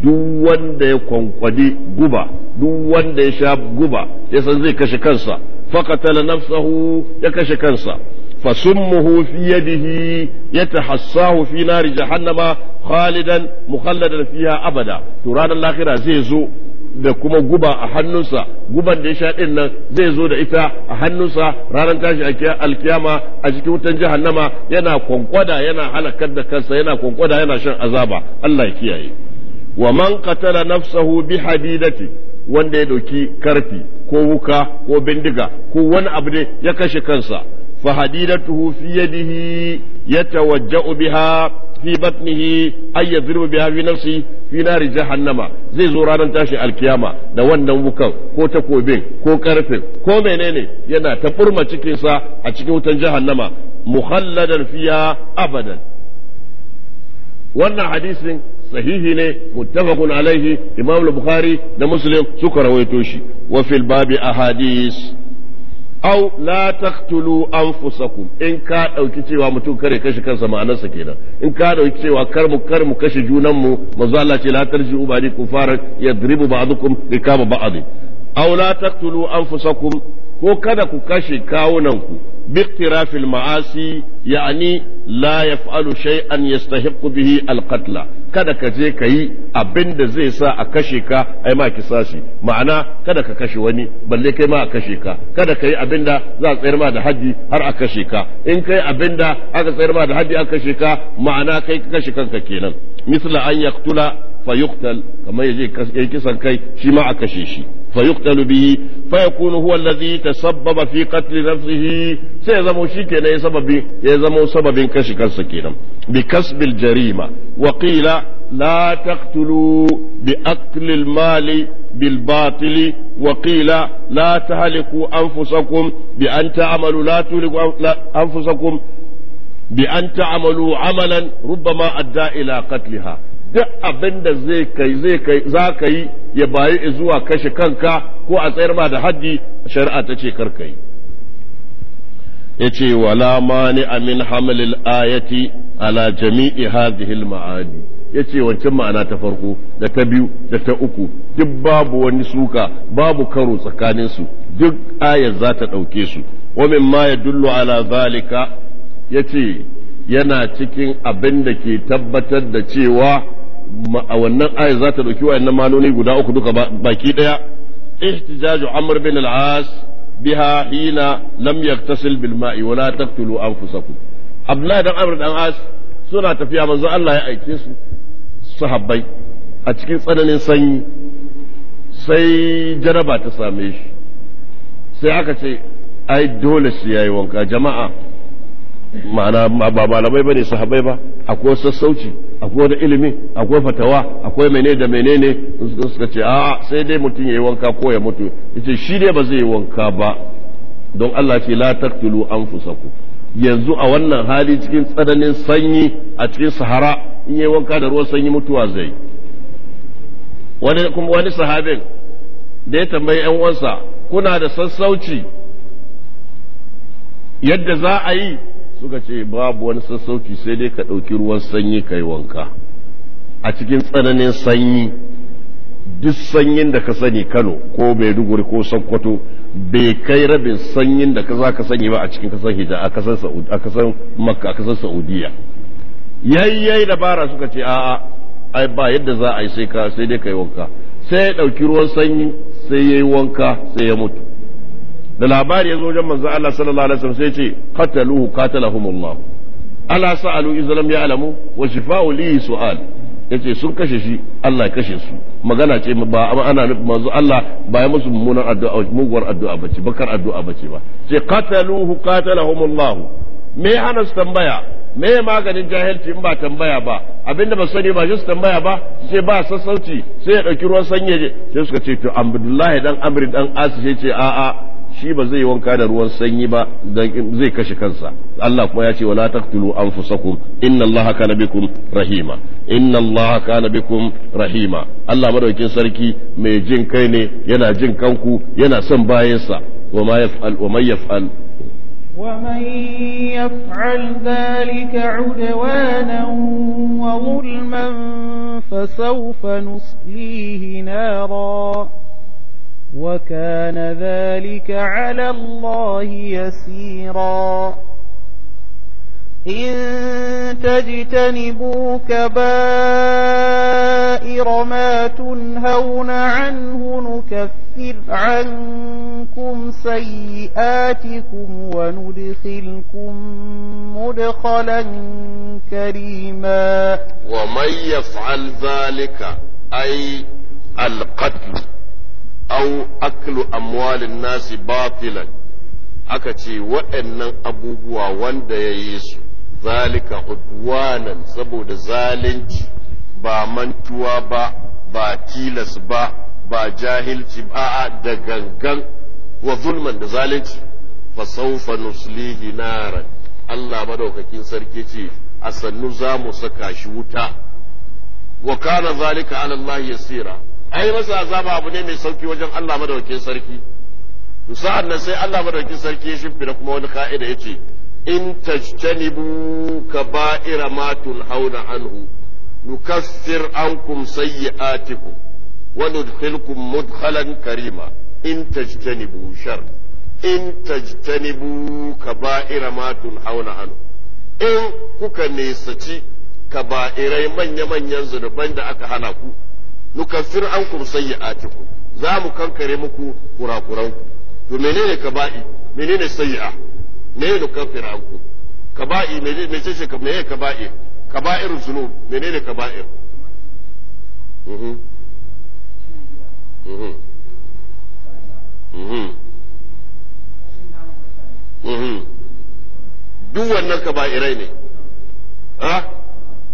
duk wanda ya kwankwadi guba duk wanda ya sha guba ya san zai kashe kansa faqatala nafsahu ya kashe kansa فسمه في يده يتحصاه في نار جهنم خالدا مخلدا فيها أبدا تراد الآخرة زيزو da kuma guba a hannunsa guban da ya sha din nan zai zo da ita a hannunsa ranar tashi alkiyama a cikin wutan jahannama yana kwankwada yana halakar da kansa yana kwankwada yana shan azaba Allah ya kiyaye wa man qatala nafsahu bi hadidati wanda ya doki karfi ko wuka ko bindiga ko wani abu ne ya kashe kansa فحديدته في يده يتوجأ بها في بطنه أي يضرب بها في نفسه في نار جهنم زي زوران تاشي القيامة da wannan wukan ko takobin ko karfin ko menene yana ta burma cikinsa a cikin wutan jahannama muhalladan fiya abadan wannan hadisin sahihi ne muttafaqun alaihi imam al-bukhari da muslim suka rawaito shi wa fil babi ahadis au la taqtulu anfusakum in ka dauki cewa mutum kare kashi kansa ma'anarsa kenan in ka dauki cewa kar mu kar mu kashe junan mu manzo Allah ce la tarji ubadi kufara yadribu ba'dukum rikaba ba'd au la taqtulu anfusakum ko kada ku kashe kawunanku biktirafil ma'asi ya'ani la yaf'alu shay'an yastahiqqu bihi alqatla kada ka je ka yi abin zai sa a kashe ka ai ma kisasi ma'ana kada ka kashe wani balle kai ma a kashe ka kada ka yi abin da za a tsayar ma da haddi har a kashe ka in kai abin da aka tsayar ma da haddi aka kashe ka ma'ana kai ka kashe kanka kenan misla an yaqtula fa kamar yaje kisan kai shi ma a kashe shi فيقتل به فيكون هو الذي تسبب في قتل نفسه سيزم شيك سبب يزم سبب كشك السكينة بكسب الجريمة وقيل لا تقتلوا بأكل المال بالباطل وقيل لا تهلكوا أنفسكم بأن تعملوا لا تهلكوا أنفسكم بأن تعملوا عملا ربما أدى إلى قتلها duk abin da zai kai zai kai za ka yi ya bayi zuwa kashe kanka ko a tsayar ma da haddi shari'a ta ce karka yi Ya yace wala mani amin hamalil ayati ala jami'i hilma adi? Ya ce wancan ma'ana ta farko da ta biyu da ta uku duk babu wani suka babu karo tsakanin su duk ayar za ta ɗauke su wa ya yadullu ala zalika Ya ce yana cikin abin da ke tabbatar da cewa a wannan ayat za ta ɗauki wa'annan manoni guda uku duka baki ɗaya ihtijaju amr bin al-as biha hina lam yaktasil bil ma'i wala taqtulu anfusakum abdullahi dan amr dan as suna tafiya manzo Allah ya aike su sahabbai a cikin tsananin sanyi sai jaraba ta same shi sai aka ce ai dole shi yayi wanka jama'a ma'ana ba malamai bane sahabbai ba akwai sassauci akwai wani ilimi akwai fatawa akwai mene da menene suka ce a sai dai mutum ya yi wanka ko ya mutu yace shi dai ba zai yi wanka ba don Allah ce la an fusaku. yanzu a wannan hali cikin tsananin sanyi a cikin sahara in yi wanka da ruwan sanyi mutuwa zai wani kuma wani sahabin da ya tambayi yan uwansa kuna da sassauci yadda za a yi suka ce babu wani sassauci sai dai ka ɗauki ruwan sanyi ka yi wanka a cikin tsananin sanyi duk sanyin da ka sani kano ko maiduguri ko sokoto bai kai rabin sanyin da ka za ka sani ba a cikin kasar hijja a kasar makka a kasar saudiya yayyai dabara suka ce a'a ai ba yadda za a yi sai ka sai dai ka yi wanka sai ya ɗauki ruwan sanyi sai ya yi wanka sai ya mutu da labari ya zo wajen manzo Allah sallallahu alaihi wasallam sai ya ce qataluhu Allah ala sa'alu izlam ya alamu wa shifa'u li su'al yace sun kashe shi Allah ya kashe su magana ce ba ana nufin manzo Allah ba ya musu mummunan addu'a muguwar addu'a bace bakar addu'a bace ba ce qataluhu Allah me ana tambaya me maganin jahilci in ba tambaya ba abinda ba sani ba su tambaya ba sai ba sassauci sai ya dauki ruwan sanye sai suka ce to abdullahi dan amri dan asu sai ce a'a shi ba zai wanka da ruwan sanyi ba zai kashe kansa Allah kuma ya ce wala taqtulu anfusakum inna Allaha kana bikum rahima inna Allaha kana bikum rahima Allah madaukin sarki mai jin kai ne yana jin kanku yana son bayansa wa ma yaf'al wa yaf'al ومن يفعل ذلك عدوانا وظلما فسوف نصليه نارا وكان ذلك على الله يسيرا إن تجتنبوا كبائر ما تنهون عنه نكفر عنكم سيئاتكم وندخلكم مدخلا كريما ومن يفعل ذلك أي القتل au aklu amwalin nasi batilan aka ce waɗannan abubuwa wanda ya yi su zalika udwanan saboda zalunci ba mantuwa ba ba tilas ba ba jahilci ba a da gangan wa zulman da zalunci fa saufa nuslihi naran Allah madaukakin sarki ce a sannu za mu saka shi wuta wa kana zalika ala Allah yasira ai masa azaba abu ne mai sauki wajen Allah madaukakin sarki to sa'an nan sai Allah madaukakin sarki ya shimfida kuma wani ka'ida yace in tajtanibu kaba'ira ma tunhauna anhu nukaffir ankum sayyi'atikum wa nudkhilukum mudkhalan karima in tajtanibu shar in tajtanibu kaba'ira ma tunhauna anhu in kuka nesaci kaba'irai manya-manyan zunuban da aka hana ku nukaffir a sayyi'atikum za mu kankare muku kurakuranku to menene kaba'i menene sayyi'a menene nukaffir ankum kaba'i menene mecece menene kaba'i kaba'ir zunub menene kaba'ir mhm mhm mhm mhm duk wannan kaba'irai ne ha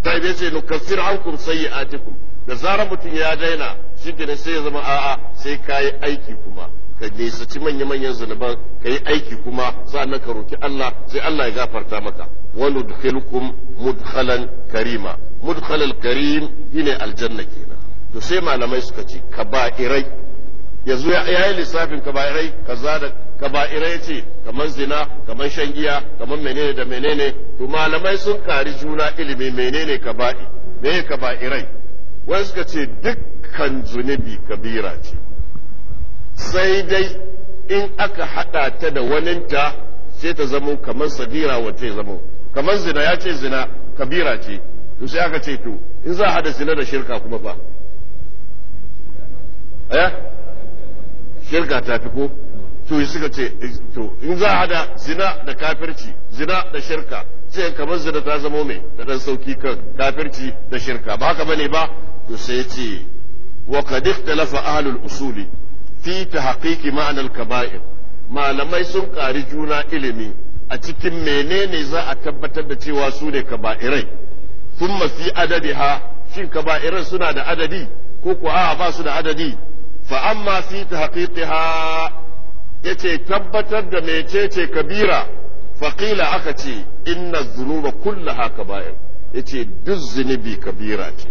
ta yi ce nukaffir a sayyi'atikum da zarar mutum ya daina shi ke sai ya zama a'a sai ka yi aiki kuma ka nisaci manya-manyan zunuban ka yi aiki kuma na ka roki Allah sai Allah ya gafarta maka wa nudkhilukum mudkhalan karima mudhalan karim shine aljanna kenan to sai malamai suka ce kaba'irai yanzu ya yi lissafin ka ka kaza da ba'irai ce kamar zina kamar shan giya kamar menene da menene to malamai sun kari juna ilimi menene ka me kaba'irai wani suka ce dukkan zunubi kabira ce sai dai in aka haɗa ta da waninta sai ta zamo kamar sagira wace zamo kamar zina ya ce zina kabira ce to sai aka ce to in za a haɗa zina da shirka kuma ba eh shirka ta fi ko to suka ce to in za a hada zina da kafirci zina da shirka sai kamar zina ta zamo mai da dan sauki kan kafirci da shirka ba haka bane ba to sai ce wa kad ikhtalafa ahlul usuli fi tahqiqi ma'anar al-kaba'ir malamai sun ƙari juna ilimi a cikin menene za a tabbatar da cewa su ne kaba'irai kuma fi adadiha shin kaba'irai suna da adadi ko ko a ba su da adadi fa amma fi tahqiqiha yace tabbatar da mecece kabira faƙila aka ce inna zunuba kullaha kaba'ir yace duk zunubi kabira ce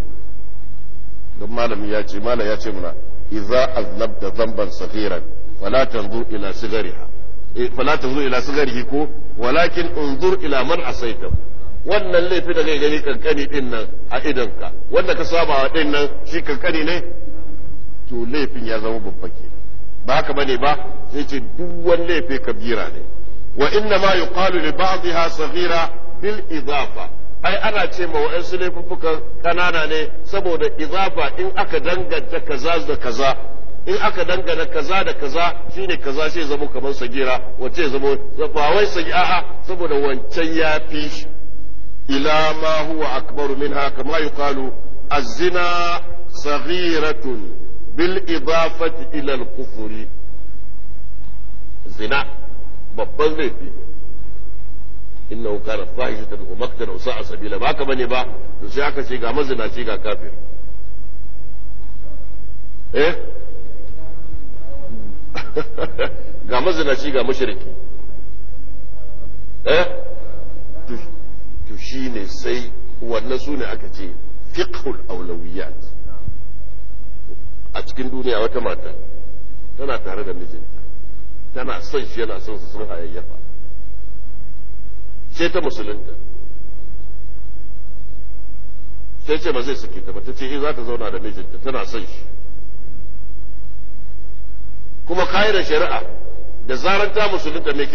don malami ya ce malam ya ce muna idza aznabta zamban saghiran fala tanzur ila sigariha eh, fala tanzur ila sigarihi ko walakin unzur ila man asaita wannan laifi da kai gani kankani din nan a ka wanda ka saba wa din nan shi kankani ne to laifin ya zama babba ke ba haka bane ba sai ce duk wani laifi kabira ne wa inna ma yuqalu li ba'dha saghira bil idafa ai ana ce ma wa'ansu laifuffukan kanana ne saboda izafa in aka danganta kaza da kaza in aka dangana kaza da kaza shine kaza sai zama kamar sagira wace zama ba wai sagi a'a saboda wancan ya fi ila ma huwa akbaru minha kama yuqalu az-zina saghiratun bil idafati ila al-kufri zina babban laifi innahu kana fahishatan wa maqtan wa a sabila ba haka bane ba to sai aka ce ga mazinaci ga kafir eh ga mazinaci ga mushriki eh to shine sai wannan sune aka ce fiqhul awlawiyat a cikin duniya wata mata tana tare da mijinta tana son shi yana sonsa su sun hayayyafa sai ta musulunta sai ce ba zai suke ta ba ta ce eh za ta zauna da mijinta tana son shi kuma da shari'a da zarar ta musulunta me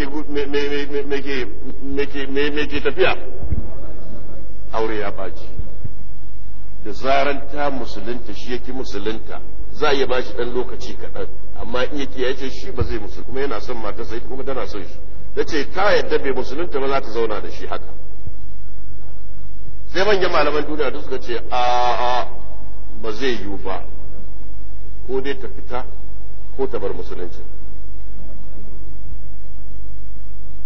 ke tafiya aure ya baci da zarar ta musulunta shi yake musulunta za a iya ba shi ɗan lokaci kaɗan amma in yake ya ce shi ba zai musulunta kuma yana son matarsa kuma tana son shi ta ce ta yadda bai musulunta ba za ta zauna da shi haka sai manyan malaman duniya duk suka ce a a ba zai yiwu ba ko dai ta fita ko ta bar musulunci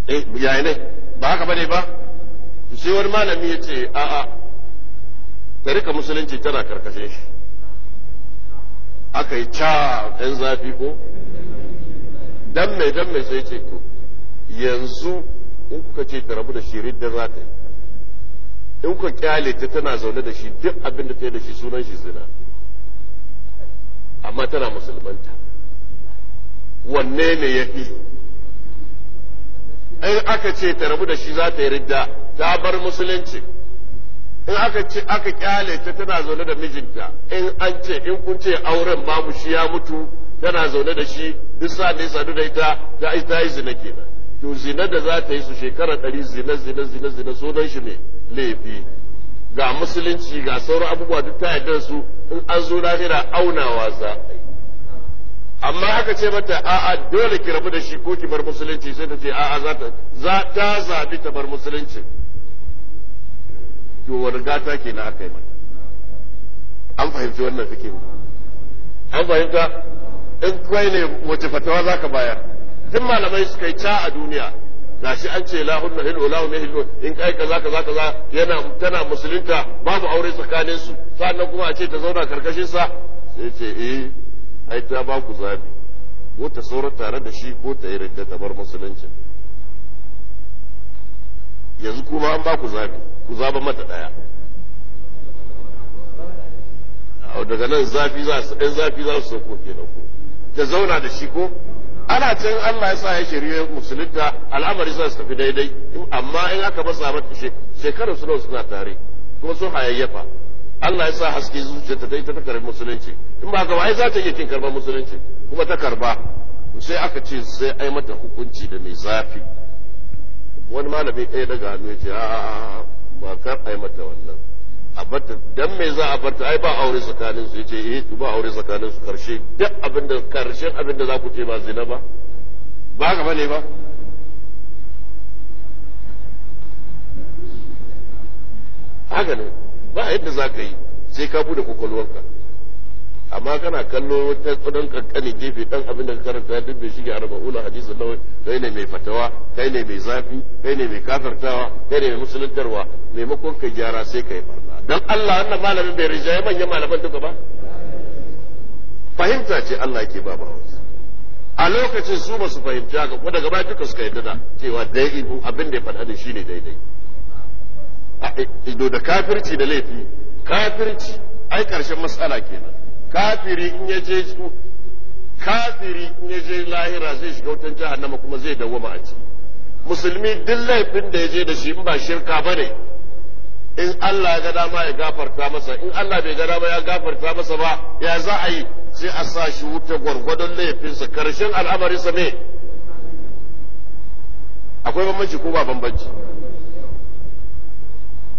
eh yayi ne ba haka bane ba sai wani malami ya ce a a ta rika musulunci tana karkashin shi aka yi ca yan zafi ko dan mai dan mai sai ce to yanzu in kuka ce ta rabu da shi ridda za ta yi in kuka kyale ta tana zaune da shi duk abin da ta yi da shi sunan shi zina amma tana musulmanta wanne ne ya fi in aka ce ta rabu da shi za ta yi ridda ta bar musulunci in aka ce aka kyale ta tana zaune da mijinta in an ce in kun ce auren babu shi ya mutu tana zaune da shi duk sa ne sadu da ita ta yi zina kenan to zina da za ta yi su shekara ɗari zina zina zina zina sunan shi ne laifi ga musulunci ga sauran abubuwa duk ta yadda su in an zo lahira aunawa za amma aka ce mata a'a dole ki rabu da shi ko ki bar musulunci sai ta ce a'a za ta za ta zabi ta bar musulunci to wani gata ta na aka yi mata an fahimci wannan fikin an fahimta in kai ne wace fatawa ka bayar duk malamai suka yi ca a duniya ga shi an ce lahun na hilu lahun na hilu in kai kaza kaza kaza yana tana musulunta babu aure tsakanin su sannan kuma a ce ta zauna karkashin sa sai ce eh ai ta ba ku zabi ko ta saura tare da shi ko ta yi ridda ta bar musulunci yanzu kuma an ba ku zabi ku zaba mata daya daga nan zafi za su ɗan zafi za su sauko kenan ko ta zauna da shi ko ana can Allah ya sa ya shirye musulunta al'amari sai su tafi daidai amma in aka bar sabon shekarar su nawa suna tare kuma sun hayayyafa Allah ya sa haske zuciyarta ta ita ta karbi musulunci in ba gaba ai za ta iya kin karbar musulunci kuma ta karba sai aka ce sai ai mata hukunci da mai zafi wani malami ɗaya daga hannu ya ce a ba kar ai mata wannan a barta dan me za a barta ai ba aure tsakanin su yace eh ba aure tsakanin su karshe duk abinda karshen abinda za ku ce ba zina ba ba ga bane ba haka ne ba yadda za ka yi sai ka bude kwakwalwarka amma kana kallo ta tsudan kankani gefe dan abin da ka karanta duk shi shige arba'una hadisi nawai kai ne mai fatawa kai ne mai zafi kai ne mai kafartawa kai ne mai musuluntarwa maimakon ka gyara sai ka yi barna don Allah wannan malamin bai ya manyan malaman duka ba fahimta ce Allah ke ba a lokacin su ba su fahimci haka kuma daga ba duka suka yadda da cewa dai abin da ya faɗa da shi ne daidai ido da kafirci da laifi kafirci ai karshen matsala kenan kafiri in ya je kafiri in ya je lahira zai shiga wutan jahannama kuma zai dawwama a ciki musulmi duk laifin da ya je da shi in ba shirka bane in Allah ya ga dama ya gafarta masa in Allah bai ga dama ya gafarta masa ba ya za a yi sai a sa shi wuta gwargwadon laifinsa karshen al'amarinsa ne akwai bambanci ko ba bambanci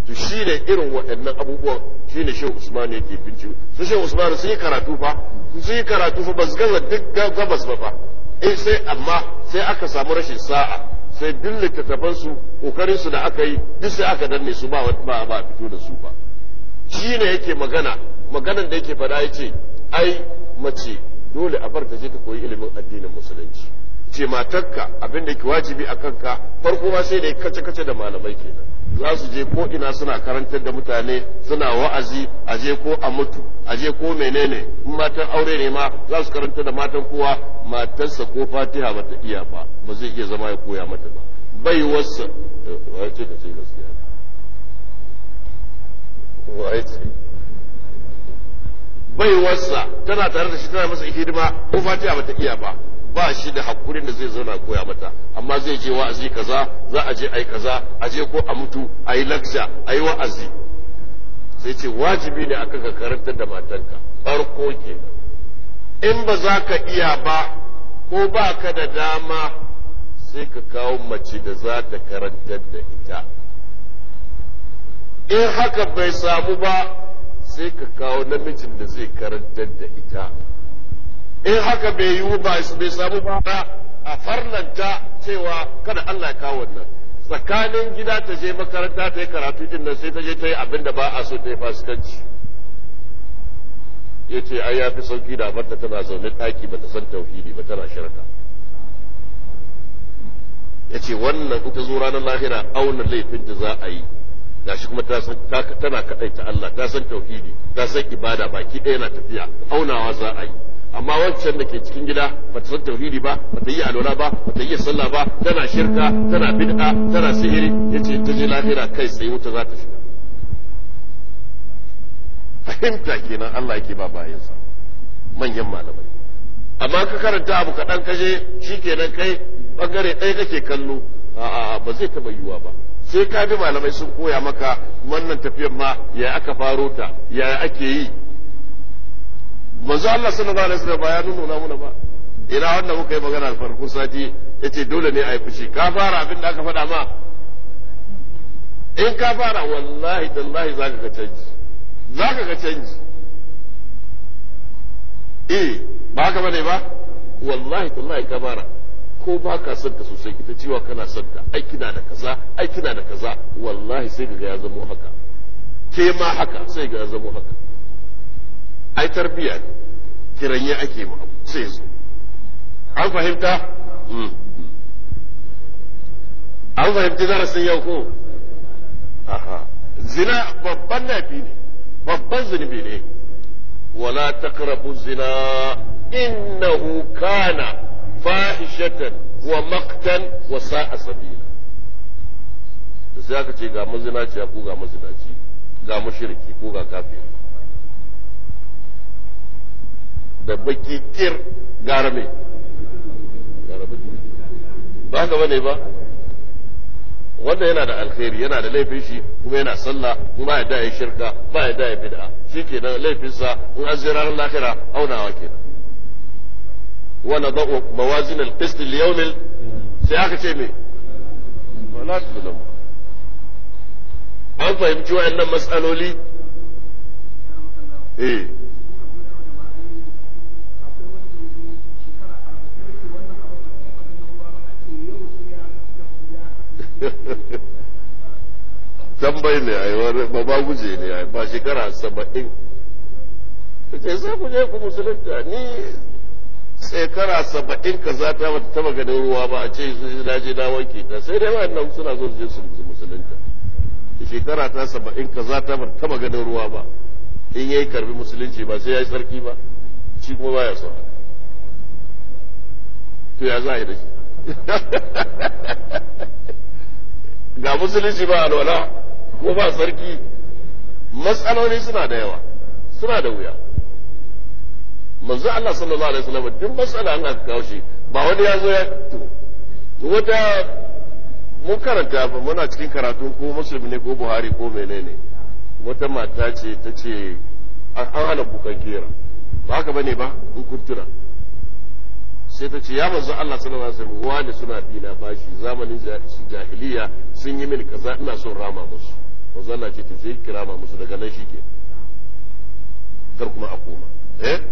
to shi ne irin waɗannan abubuwan shi ne shehu usman yake bincike su shehu usman sun yi karatu fa sun yi karatu fa ba su gaza duk gabas ba fa eh, sai amma sai aka samu rashin sa'a sai duk littattafan su kokarin su da aka yi duk sai aka danne su ba ba ba fito da su ba shi ne yake magana maganan da yake fada ce ai mace dole a bar ta je ta koyi ilimin addinin musulunci ce matarka abin da yake wajibi a kanka farko ma sai da kace kace da malamai kenan za su je ko ina suna karantar da mutane suna wa'azi a je ko a mutu a je ko menene in matan aure ne ma za su karantar da matan kowa matarsa ko fatiha bata iya ba ba zai iya zama ya koya mata ba bai wasa ce ka ce gaskiya bai wasa tana tare da shi tana masa hidima ko fatiha bata iya ba ba shi da hakurin da zai zauna koya mata amma zai je wa'azi kaza za a je ai kaza a je ko a mutu a yi laksa a yi wa'azi sai ce wajibi ne akan ka karantar da matanka farko kenan in ba za ka iya ba ko ba ka da dama sai ka kawo mace da za ta karantar da ita in haka bai samu ba sai ka kawo namijin da zai karantar da ita in haka bai yiwu ba bai samu ba a farlanta cewa kada Allah kawo wannan tsakanin gida ta je makaranta ta yi karatu din nan sai ta je ta yi abin da ba a so ta yi fasikanci ya ce ai ya fi sauki da abarta tana zaune ɗaki ba ta san tauhidi ba tana shirka yace wannan in ta zo ranar lahira auna laifin da za a yi gashi kuma ta san tana kadaita Allah ta san tauhidi ta san ibada baki ɗaya na tafiya aunawa za a yi amma wancan da ke cikin gida ba ta san tauhidi ba ba ta yi alwala ba ba ta yi sallah ba tana shirka tana bid'a tana sihiri yace ta je lahira kai sai wuta za ta shiga fahimta kenan Allah yake ba bayansa manyan malamai amma ka karanta abu kaɗan kaje shikenan kai bangare ɗaya kake kallo a'a ba zai taɓa yiwuwa ba sai ka bi malamai sun koya maka wannan tafiyar ma ya aka faro ta ya ake yi manzo Allah sallallahu alaihi wasallam ba ya nuna muna ba ina wannan muka yi magana farkon sati yace dole ne a yi fushi ka fara abin da aka faɗa ma in ka fara wallahi tallahi zaka ga canji zaka ga canji eh ba haka bane ba wallahi tallahi ka fara ko ba ka son ta sosai ita cewa kana son ta ai kina da kaza ai kina da kaza wallahi sai ga ya zamo haka ke ma haka sai ga ya zamo haka ai tarbiya ne kiranye ake ma abu sai zo an fahimta hmm. an fahimci darasin yau ko aha zina babban laifi ne babban zunubi ne wala taqrabu zina innahu kana fahishatan wa maktan wa sa'a sabila da sai aka ce ga mazinaciya ko ga mazinaci ga mushriki ko ga kafiri da baki kir gara mai ba haka bane ba wanda yana da alkhairi yana da laifin shi kuma yana sallah kuma ya da ya shirka ba ya da ya bid'a shi ke nan laifinsa in an zira lahira aunawa kenan wa nadau ba al-qist li yawm sai aka ce me wala tuzlamu an fahimci wayannan mas'aloli eh [LAUGHS] tambayi ne ai ba ba guje ne ai ba shekara saba'in ta ce sai ku je ku musulunta ni shekara saba'in ka za ta bata taba ganin ruwa ba a ce su na je na wanke ta sai dai wa'annan suna zo je su musulunta shekara ta saba'in ka za ta bata taba ganin ruwa ba in yayi karbi musulunci ba sai ya yi sarki ba shi kuma baya so to ya za a yi da shi [LAUGHS] ga musulunci ba alwala ko ba sarki matsaloli suna da yawa suna da wuya manzo Allah sallallahu alaihi wasallam duk matsala an aka kawo shi ba wani ya zo ya to wata mun karanta ba muna cikin karatu ko muslim ne ko buhari ko menene wata mata ce ta ce an hana kukan kera ba haka bane ba in kuntura sai ta ce ya manzo Allah sallallahu alaihi wasallam wani suna dina bashi zamanin jahiliya sun yi mini kaza ina son rama musu manzo Allah ce ta je kirama musu daga nan shike kar kuma a koma eh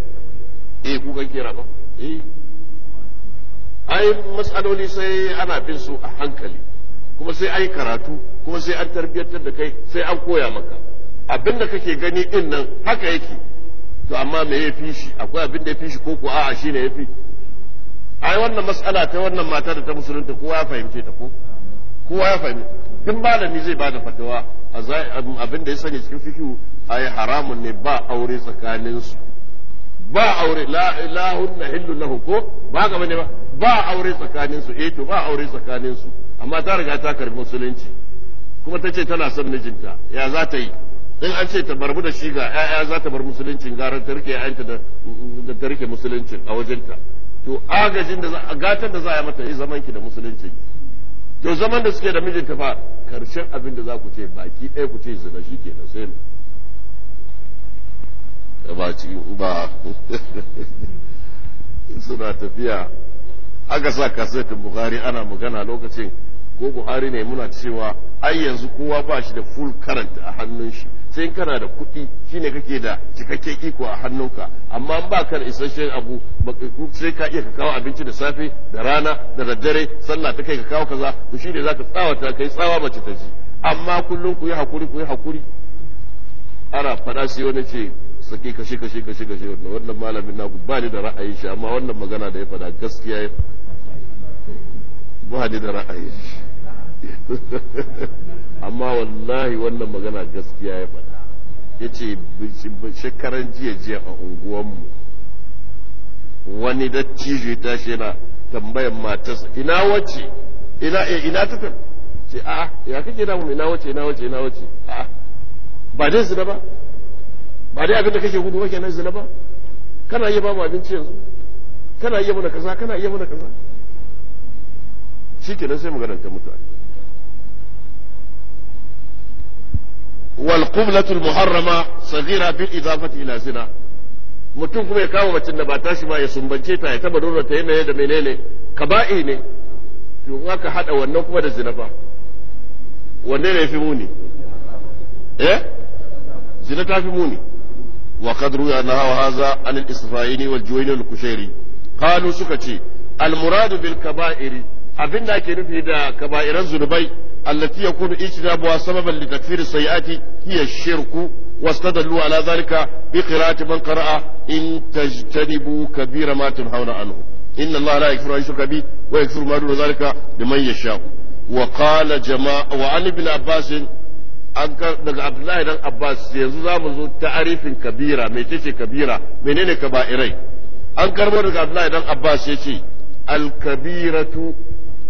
eh kukan kera ba eh ai mas'aloli sai ana bin su a hankali kuma sai ai karatu kuma sai an tarbiyyantar da kai sai an koya maka abin da kake gani din nan haka yake to amma me ya fi shi akwai abin da ya fi shi ko ko a'a shine ya fi ai wannan mas'ala ta wannan mata da ta musulunta kowa ya fahimce ta ko kowa ya fahimce duk malami zai bada fatawa abin da ya sani cikin fikihu ai haramun ne ba aure tsakaninsu ba aure la na hillu lahu ko ba ga bane ba ba aure tsakanin su eh to ba aure tsakanin su amma ta riga ta karbi musulunci kuma ta ce tana son mijinta ya za ta yi in an ce ta barbu da shi ga ƴaƴa za ta bar musuluncin garan ta rike ƴaƴanta da ta rike musuluncin a wajenta to agajin da za gatar da za a yi mata yi eh zaman ki da musuluncin to zaman da suke da mijinta fa karshen abin da za ku ce baki ɗaya ku ce zina shi kenan sai ba ba [LAUGHS] suna tafiya aka sa kasetin buhari ana magana lokacin ko buhari ne muna cewa ai yanzu kowa ba shi da full current a hannun shi sai kana da kuɗi shine kake da cikakken iko a hannunka amma in ba ka da isasshen abu sai ka iya ka kawo abinci da safe da rana da daddare sallah ta kai ka kawo kaza to shine zaka tsawata kai tsawa mace ta ji amma kullum ku yi hakuri ku yi hakuri ana faɗa shi wani ce saki kashe kashe kashe kashe wannan malamin na ba ni da ra'ayin shi amma wannan magana da ya fada gaskiya ya ba ni da ra'ayin shi [LAUGHS] amma wallahi wannan magana gaskiya ya fada ya ce shekaran jiya jiya a unguwanmu wani dattijo ya tashi yana tambayan matarsa ina wace ina eh, ina tafi ce a ya kake damu ina wace ina wace ina wace a'a ba dai su da ba ba dai abin da kake gudu kake nan zina ba kana iya ba mu abinci yanzu kana iya mana kaza kana iya mana kaza nan sai maganar ta mutu wal qublatul muharrama saghira bil idafati ila zina mutum kuma ya kama macin da ba tashi ba ya sumbance ta ya taba dora ta yana da menene kaba'i ne to in aka hada wannan kuma da zina ba wanne ne ya fi muni eh zina ta fi muni وقد روي نحو هذا عن الإسرائيلي والجويني halu قالوا سكتي المراد بالكبائر abin abinda ake nufi da kaba'iran zunubai allati yakunu ijtidabuha sababan li takfiri sayyiati hiya shirku wastadallu ala dhalika bi qira'ati man qara'a in tajtanibu kabira ma tunhauna anhu inna allaha la yaghfiru an yushraka bi wa ma duna dhalika liman yasha wa qala jama'a abbas daga abdullahi dan abbas yanzu za mu zo ta'arifin kabira mecece kabira menene kaba'irai an karbo daga abdullahi dan abbas ya ce alkabiratu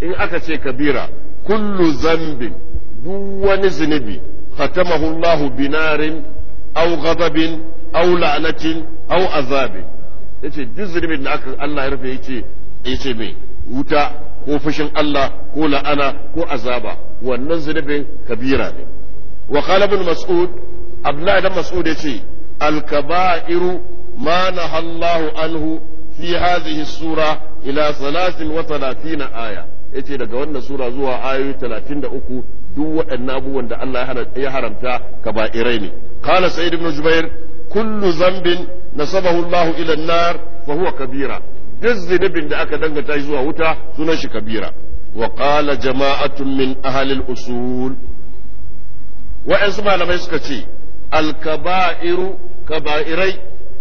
in aka ce kabira kullu zambin duk wani zunubi khatamahu allah binarin aw ghadabin aw la'natin aw azabin yace duk zunubin da aka Allah ya rufe yace yace me wuta ko fushin Allah ko la'ana ko azaba wannan zunubin kabira ne wa bin mas'ud abdullahi dan mas'ud yace al kaba'iru ma nahallahu anhu fi hadhihi sura ila na aya yace daga wannan sura zuwa ayoyi 33 duk waɗannan abubuwan da Allah ya haramta kaba'irai ne qala sa'id ibn jubair kullu zambin nasabahu Allah ila an-nar kabira duk zunubin da aka dangata zuwa wuta sunan shi kabira wa qala jama'atun min ahli al waɗansu malamai suka ce alkaba'iru kaba'irai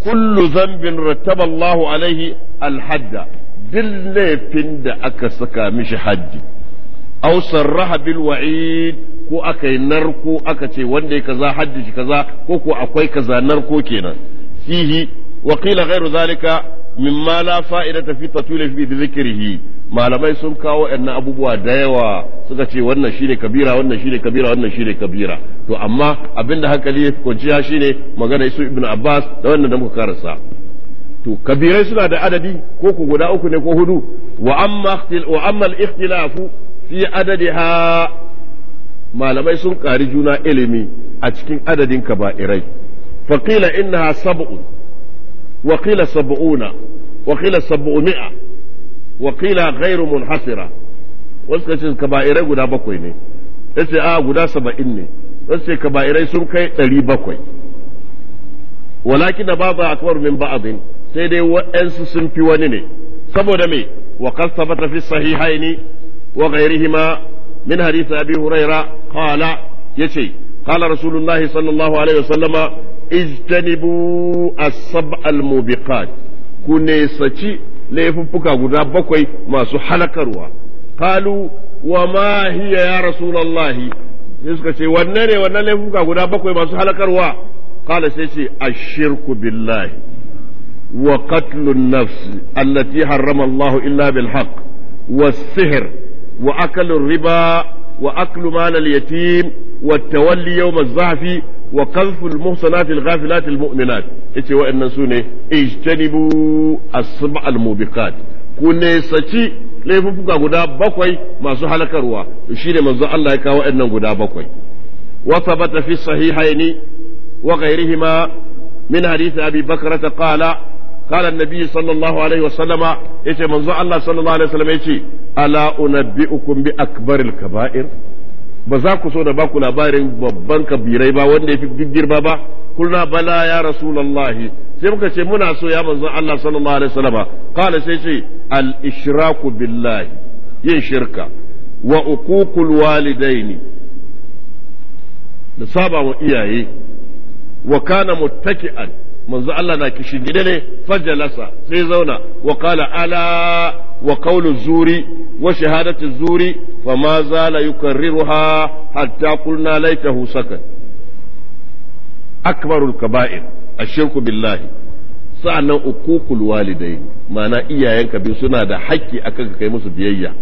kullu zambin rattaba Allahu alaihi alhadda bil laifin da aka saka mishi haddi aw sarraha bil wa'id ko aka yi narko aka ce wanda ya kaza haddi shi kaza ko ko akwai kaza narko kenan fihi wa qila ghairu zalika mimma la ta fi tatwilish bi dhikrihi malamai sun kawo ɗannan abubuwa da yawa suka ce wannan shine kabira wannan shine kabira wannan shine kabira to amma abinda hankali ya kwanciya shine magana su ibn abbas da wannan da muka karasa to kabirai suna da adadi ko ku guda uku ne ko hudu wa amma wa amma al-ikhtilafu fi adadiha malamai sun ƙari juna ilimi a cikin adadin kaba'irai faqila innaha sab'un وقيل سبعون وقيل سبعمائة وقيل غير منحصرة wasu ce kaba'irai guda bakwai ne yace a guda saba'in ne wasu ce kaba'irai sun kai ɗari bakwai walakin ba ba akwar min ba'adin sai dai waɗansu sun fi wani ne saboda mai wa qad thabata fi sahihaini wa hima min hadith abi huraira qala yace qala rasulullahi sallallahu alaihi wasallama ijtanibu as-sab'al mubiqat ku nesaci laifuffuka guda bakwai masu halakarwa qalu wa ma hiya ya rasulullahi sai suka ce wanne ne wannan laifuka guda bakwai masu halakarwa qala sai ce ashirku billahi wa qatlun nafs allati harrama Allah illa bil haqq wa sihr wa akalu riba wa aklu mal al-yatim والتولي يوم الزعف wa qazful muhsanati al-ghafilati al-mu'minat yace wa'annan sune ijtanibu as-sab'a al-mubiqat ku ne saci laifuffuka guda bakwai masu halakarwa shine manzo Allah ya kawo wa'annan guda bakwai wa thabata fi sahihaini wa ghayrihima min hadith abi bakrata qala قال النبي صلى الله عليه وسلم يتي منزو الله صلى الله عليه وسلم يتي ألا أنبئكم بأكبر الكبائر ba za ku so da baku labarin babban kabirai ba wanda ya fi girma ba kulna bala ya rasulullahi sai muka ce muna so ya manzon Allah sallallahu alaihi wasallam qala sai ce al ishraku billahi yin shirka wa uququl walidaini da saba wa iyaye wa kana muttaki'an manzo Allah na kishin gida ne fajalasa sai zauna wa qala ala wa qawlu zuri wa shahadatu zuri fa ma zala yukarriruha hatta qulna laitahu sakan akbarul kaba'ir ashirku billahi sa'annan ukukul walidai ma'ana iyayenka biyu suna da haƙƙi akan ka kai musu biyayya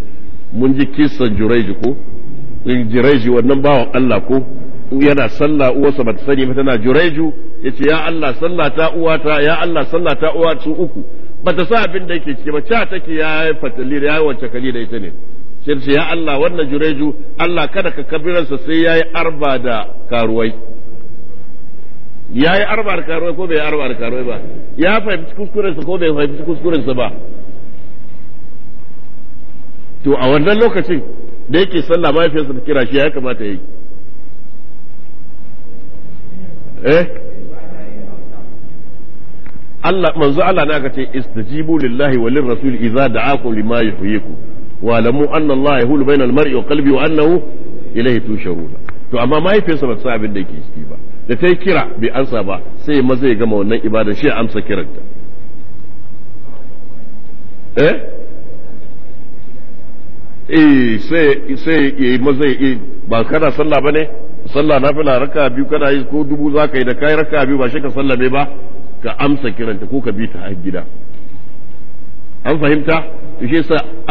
mun ji kisan jureji ko jureji wannan bawan Allah ko yana sallah uwarsa bata sani ba tana jureju yace ya Allah sallata uwata ya Allah sallata uwa su uku ba ta sa abin da yake ciki ba ca take ya yi fatali da ya yi wacce kali da ita ne sai ya Allah wannan jureju Allah kada ka kabirarsa sai ya yi arba da karuwai ya yi arba da karuwai ko bai yi arba da karuwai ba ya fahimci kuskurensa ko bai fahimci kuskurensa ba to a wannan lokacin da yake sallah mahaifiyarsa ta kira shi ya kamata ya yi eh Allah manzo Allah na ga ce istajibu lillahi wa lirrasul idza da'akum lima yuhyiku wa lamu anna Allah yahul bainal mar'i wa qalbi wa annahu ilayhi tusharuna to amma mahaifinsa ba ta abin da yake ciki ba da ta yi kira bai ansa ba sai ma zai gama wannan ibada shi amsa kiranta eh eh sai sai ya yi ba kana sallah bane sallah nafila raka biyu kana yi ko dubu zaka yi da kai raka biyu ba shi ka sallame ba ka amsa kiranta ko ka bi ta har gida an fahimta shi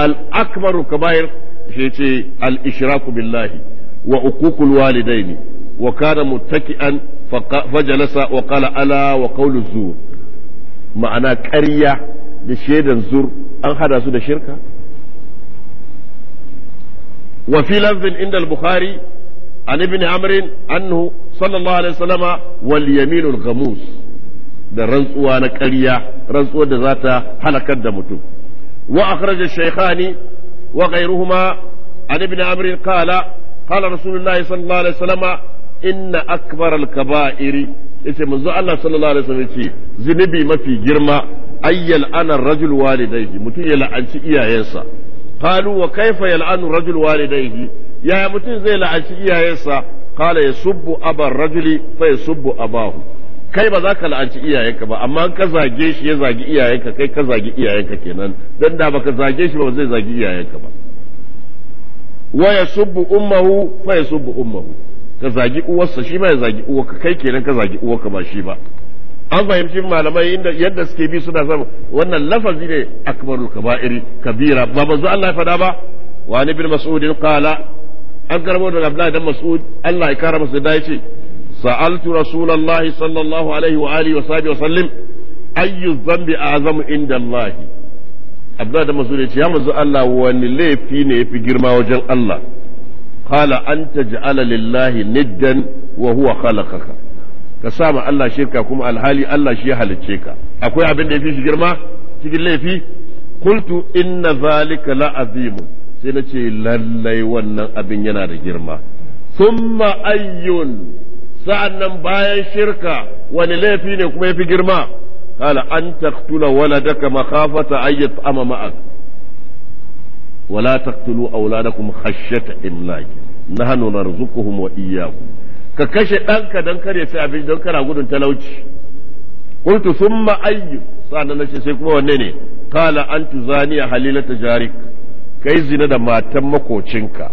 al-akbaru kabair shi ce al-ishraku billahi wa uququl walidaini wa kana muttaki'an fajalasa wa qala ala wa qawlu zur ma'ana ƙarya da shaidan zur an hada su da shirka wa fi lafzin inda al-bukhari an ibn Amrin annu sallallahu alaihi wasallama wal yaminul ghamus da rantsuwa na ƙarya rantsuwar da za ta halakar da mutum wa akhraja shaykhani wa ghayruhuma an ibn amr qala qala rasulullahi sallallahu alaihi wasallam inna akbar al-kaba'iri yace manzo Allah sallallahu alaihi wasallam yace zinubi mafi girma ayyal ana rajul walidayhi mutum ya la'anci iyayensa qalu wa kaifa yal'anu rajul walidayhi yaya mutum zai la'anci iyayensa qala yasubbu abar rajuli fa yasubbu abahu kai ba za ka la'anci iyayenka ba amma ka zage shi ya zagi iyayenka kai ka zagi iyayenka kenan dan da baka zage shi ba zai zagi iyayenka ba wa yasubbu ummuhu fa yasubbu ummuhu ka zagi uwarsa shi ma ya zagi uwarka kai kenan ka zagi uwarka ba shi ba an fahimci malamai inda yadda suke bi suna zama wannan lafazi ne akbarul kaba'iri kabira ba manzo Allah ya fada ba wa ni bin mas'ud qala an karbo da Abdullah dan Mas'ud Allah ya karama masa da yace sa'altu rasulullahi sallallahu alaihi wa alihi wa sahbihi wa sallim ayyu dhanbi azamu inda Allah Abdullah da Masud ya manzo Allah wani laifi ne yafi girma wajen Allah qala an taj'ala lillahi niddan wa huwa khalaqaka ka sa ma Allah shirka kuma alhali Allah shi ya halicce ka akwai abin da yafi shi girma cikin laifi qultu inna zalika la'azimu. sai na ce lallai wannan abin yana da girma summa ayyun sa'an nan bayan shirka wani laifi ne kuma ya fi girma kala an taktula daga makafata ayyata ama ma'ak wala taktulu auladakum khashyata imlaki nahnu narzuquhum wa iyaku. ka kashe ɗanka don kar ya ci abinci don kara gudun talauci qultu sun ayyu sa'an nan sai kuma wanne ne kala an tuzaniya halilata jarik kai zina da matan makocinka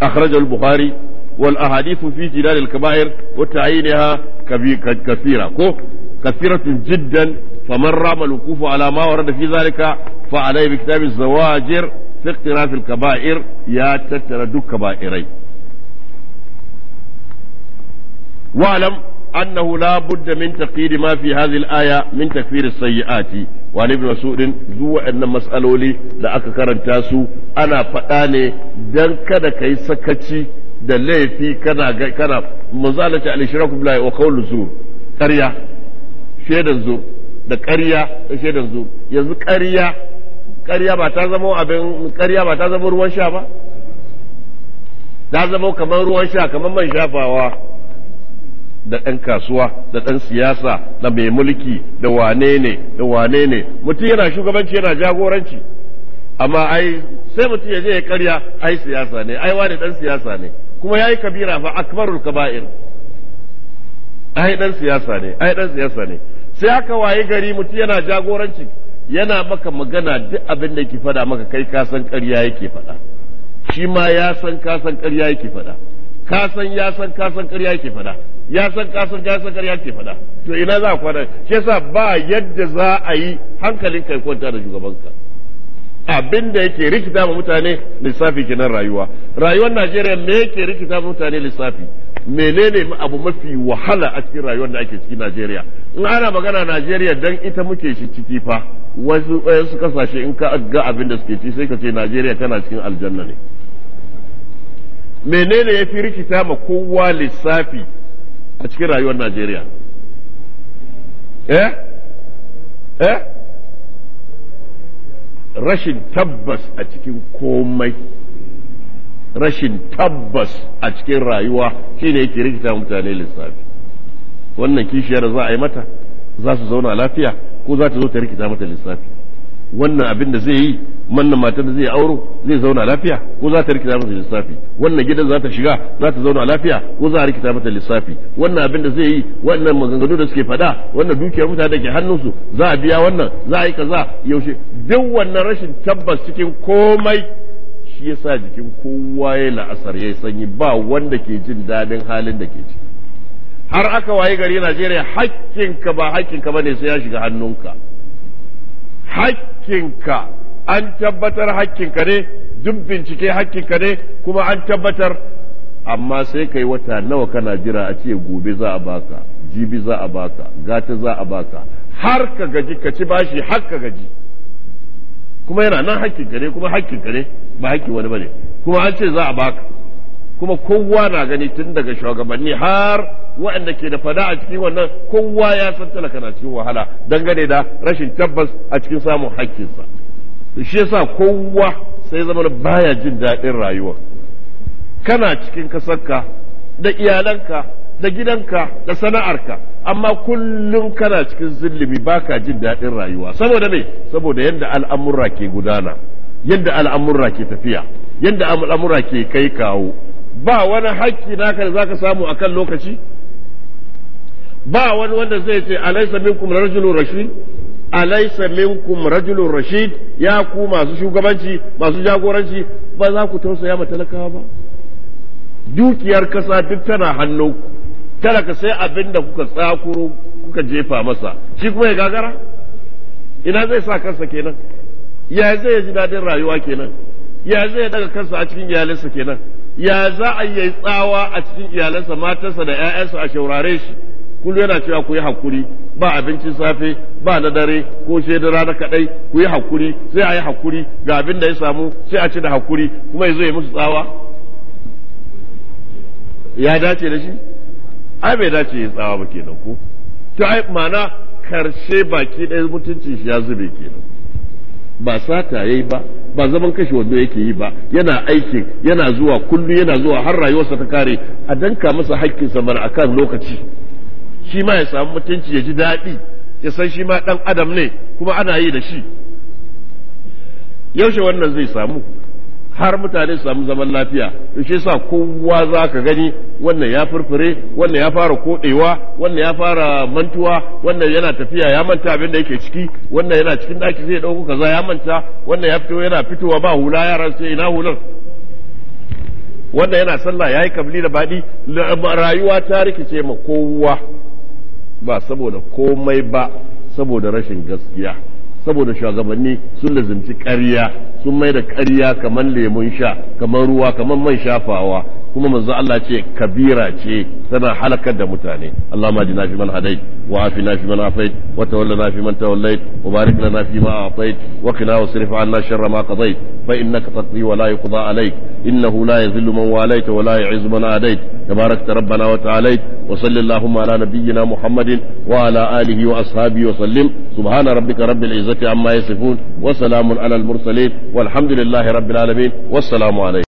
akhrajahu bukhari wal ahadithu fi jidal al kaba'ir wa ta'yinha kathira ko kathiratun jiddan faman rama al wuqufu ala ma warada fi zalika fa alayhi bi kitab al zawajir fi iqtiraf al ya tattara duk kaba'irai wa'lam أنه لا بد من تقييد ما في هذه الآية من تكفير السيئات وعن ابن مسعود ذو أن مسألولي da aka karanta su ana faɗa ne don kada ka yi sakaci da laifi kana kana manzo Allah alishraku billahi wa qawlu zur ƙarya shaidan zur da ƙarya da shaidan zur yanzu ƙarya ƙarya ba ta zama abin ƙarya ba ta zama ruwan sha ba ta zama kamar ruwan sha kamar man shafawa da ɗan kasuwa da ɗan siyasa da mai mulki da wane ne da wane ne mutum yana shugabanci yana jagoranci amma ai sai mutum ya je ya karya ai siyasa ne ai wane ɗan siyasa ne kuma yayi kabira ba akbarul kaba'ir ai dan siyasa ne ai dan siyasa ne sai aka waye gari mutum yana jagoranci yana maka magana duk abin da yake faɗa maka kai ka san ƙarya yake faɗa shi ma ya san ka san ƙarya yake faɗa ka san ya san ka san ƙarya yake faɗa ya san ka san ya san ƙarya yake faɗa to ina za a kwana shi yasa ba yadda za a yi hankalin kai kwanta da shugabanka abin da yake rikita ma mutane lissafi kenan rayuwa rayuwar Najeriya me yake rikita ma mutane lissafi menene abu mafi wahala a cikin rayuwar da ake ciki Najeriya in ana magana Najeriya dan ita muke shi ciki fa wasu su kasashe in ka ga abin da suke ci sai ka ce Najeriya tana cikin aljanna ne menene ya fi rikita ma kowa lissafi a cikin rayuwar Najeriya eh eh rashin tabbas a cikin komai rashin tabbas a cikin rayuwa shine yake rikita mutane lissafi wannan kishiyar za a yi mata za su zauna lafiya ko za ta zo ta rikita mata lissafi wannan abin da zai yi wannan matar da zai auro zai zauna lafiya ko za ta rikita mata lissafi wannan gidan za ta shiga za ta zauna lafiya ko za a rikita mata lissafi wannan abin da zai yi wannan maganganu da suke faɗa wannan dukiyar mutane da ke hannunsu za a biya wannan za a yi kaza yaushe duk wannan rashin tabbas cikin komai shi ya sa jikin kowa ya la'asar ya sanyi ba wanda ke jin daɗin halin da ke ciki har aka waye gari Najeriya hakkinka ba hakkinka ne sai ya shiga hannunka hakkinka an tabbatar hakkinka ne duk bincike hakkinka ne kuma an tabbatar amma sai kai wata nawa kana jira a ce gobe za a baka jibi za a baka gata za a baka har ka gaji ka ci bashi har ka gaji kuma yana nan hakkinka ne kuma hakkinka ne ba hakkin wani bane kuma an ce za a baka kuma kowa na gani tun daga shugabanni har waɗanda ke da fada a cikin wannan kowa ya san talaka na cikin wahala dangane da rashin tabbas a cikin samun hakkinsa shi yasa kowa sai zama baya jin daɗin rayuwa kana cikin kasarka da iyalanka da gidanka da sana'arka amma kullum kana cikin zillimi baka jin daɗin rayuwa saboda me saboda yadda al'amura ke gudana yadda al'amura ke tafiya yadda al'amura ke kai kawo ba wani haƙƙi naka da zaka samu a kan lokaci ba wani wanda zai ce alaisa minkum rajulun rashid alaisa minkum rajulun rashid ya ku masu shugabanci masu jagoranci ba za ku tausaya ma talakawa ba dukiyar kasa duk tana hannu talaka sai abin da kuka tsakuro kuka jefa masa shi kuma ya gagara ina zai sa kansa kenan ya zai ji dadin rayuwa kenan ya zai daga kansa a cikin iyalinsa kenan ya za a yi tsawa a cikin iyalansa matarsa da 'ya'yansa a shaurare shi kullum yana cewa ku yi hakuri ba abincin safe ba na dare ko shaidar rana kadai ku yi hakuri sai a yi hakuri ga abin da ya samu sai a ci da hakuri kuma ya zo ya musu tsawa ya dace da shi ai bai dace ya tsawa ba kenan ko to ai ma'ana karshe baki ɗaya mutuncin shi ya zube kenan ba sata yayi ba ba zaman kashe wando yake yi ba yana aikin yana zuwa kullum yana zuwa har rayuwarsa ta kare a danka masa haƙƙinsa mana akan lokaci shi ma ya samu mutunci ya ji daɗi ya san shi ma ɗan adam ne kuma ana yi da shi yaushe wannan zai samu har mutane su samu zaman lafiya to shi yasa kowa za ka gani wannan ya furfure wannan ya fara koɗewa wannan ya fara mantuwa wannan yana tafiya ya manta abin da yake ciki wannan yana cikin daki zai dauko kaza ya manta wannan ya fito yana fitowa ba hula yaran sai ina hular. wannan yana sallah yayi kabli da baɗi rayuwa ta rikice ma kowa ba saboda komai ba saboda rashin gaskiya saboda shugabanni sun lazimci ƙarya sun mai da ƙarya kamar lemun sha kamar ruwa kamar man shafawa kuma manzo Allah ce kabira ce tana halakar da mutane Allah ma jina fi man hadai wa afi na fi man wa tawalla fi man wa barik lana fi ma atait wa qina anna sharra ma qadait fa innaka taqdi wa la yuqda alayk innahu la yadhillu man walait wa la yu'izzu man rabbana wa ta'alait nabiyyina muhammadin wa ala alihi wa ashabihi wa sallim subhana rabbika rabbil izzati amma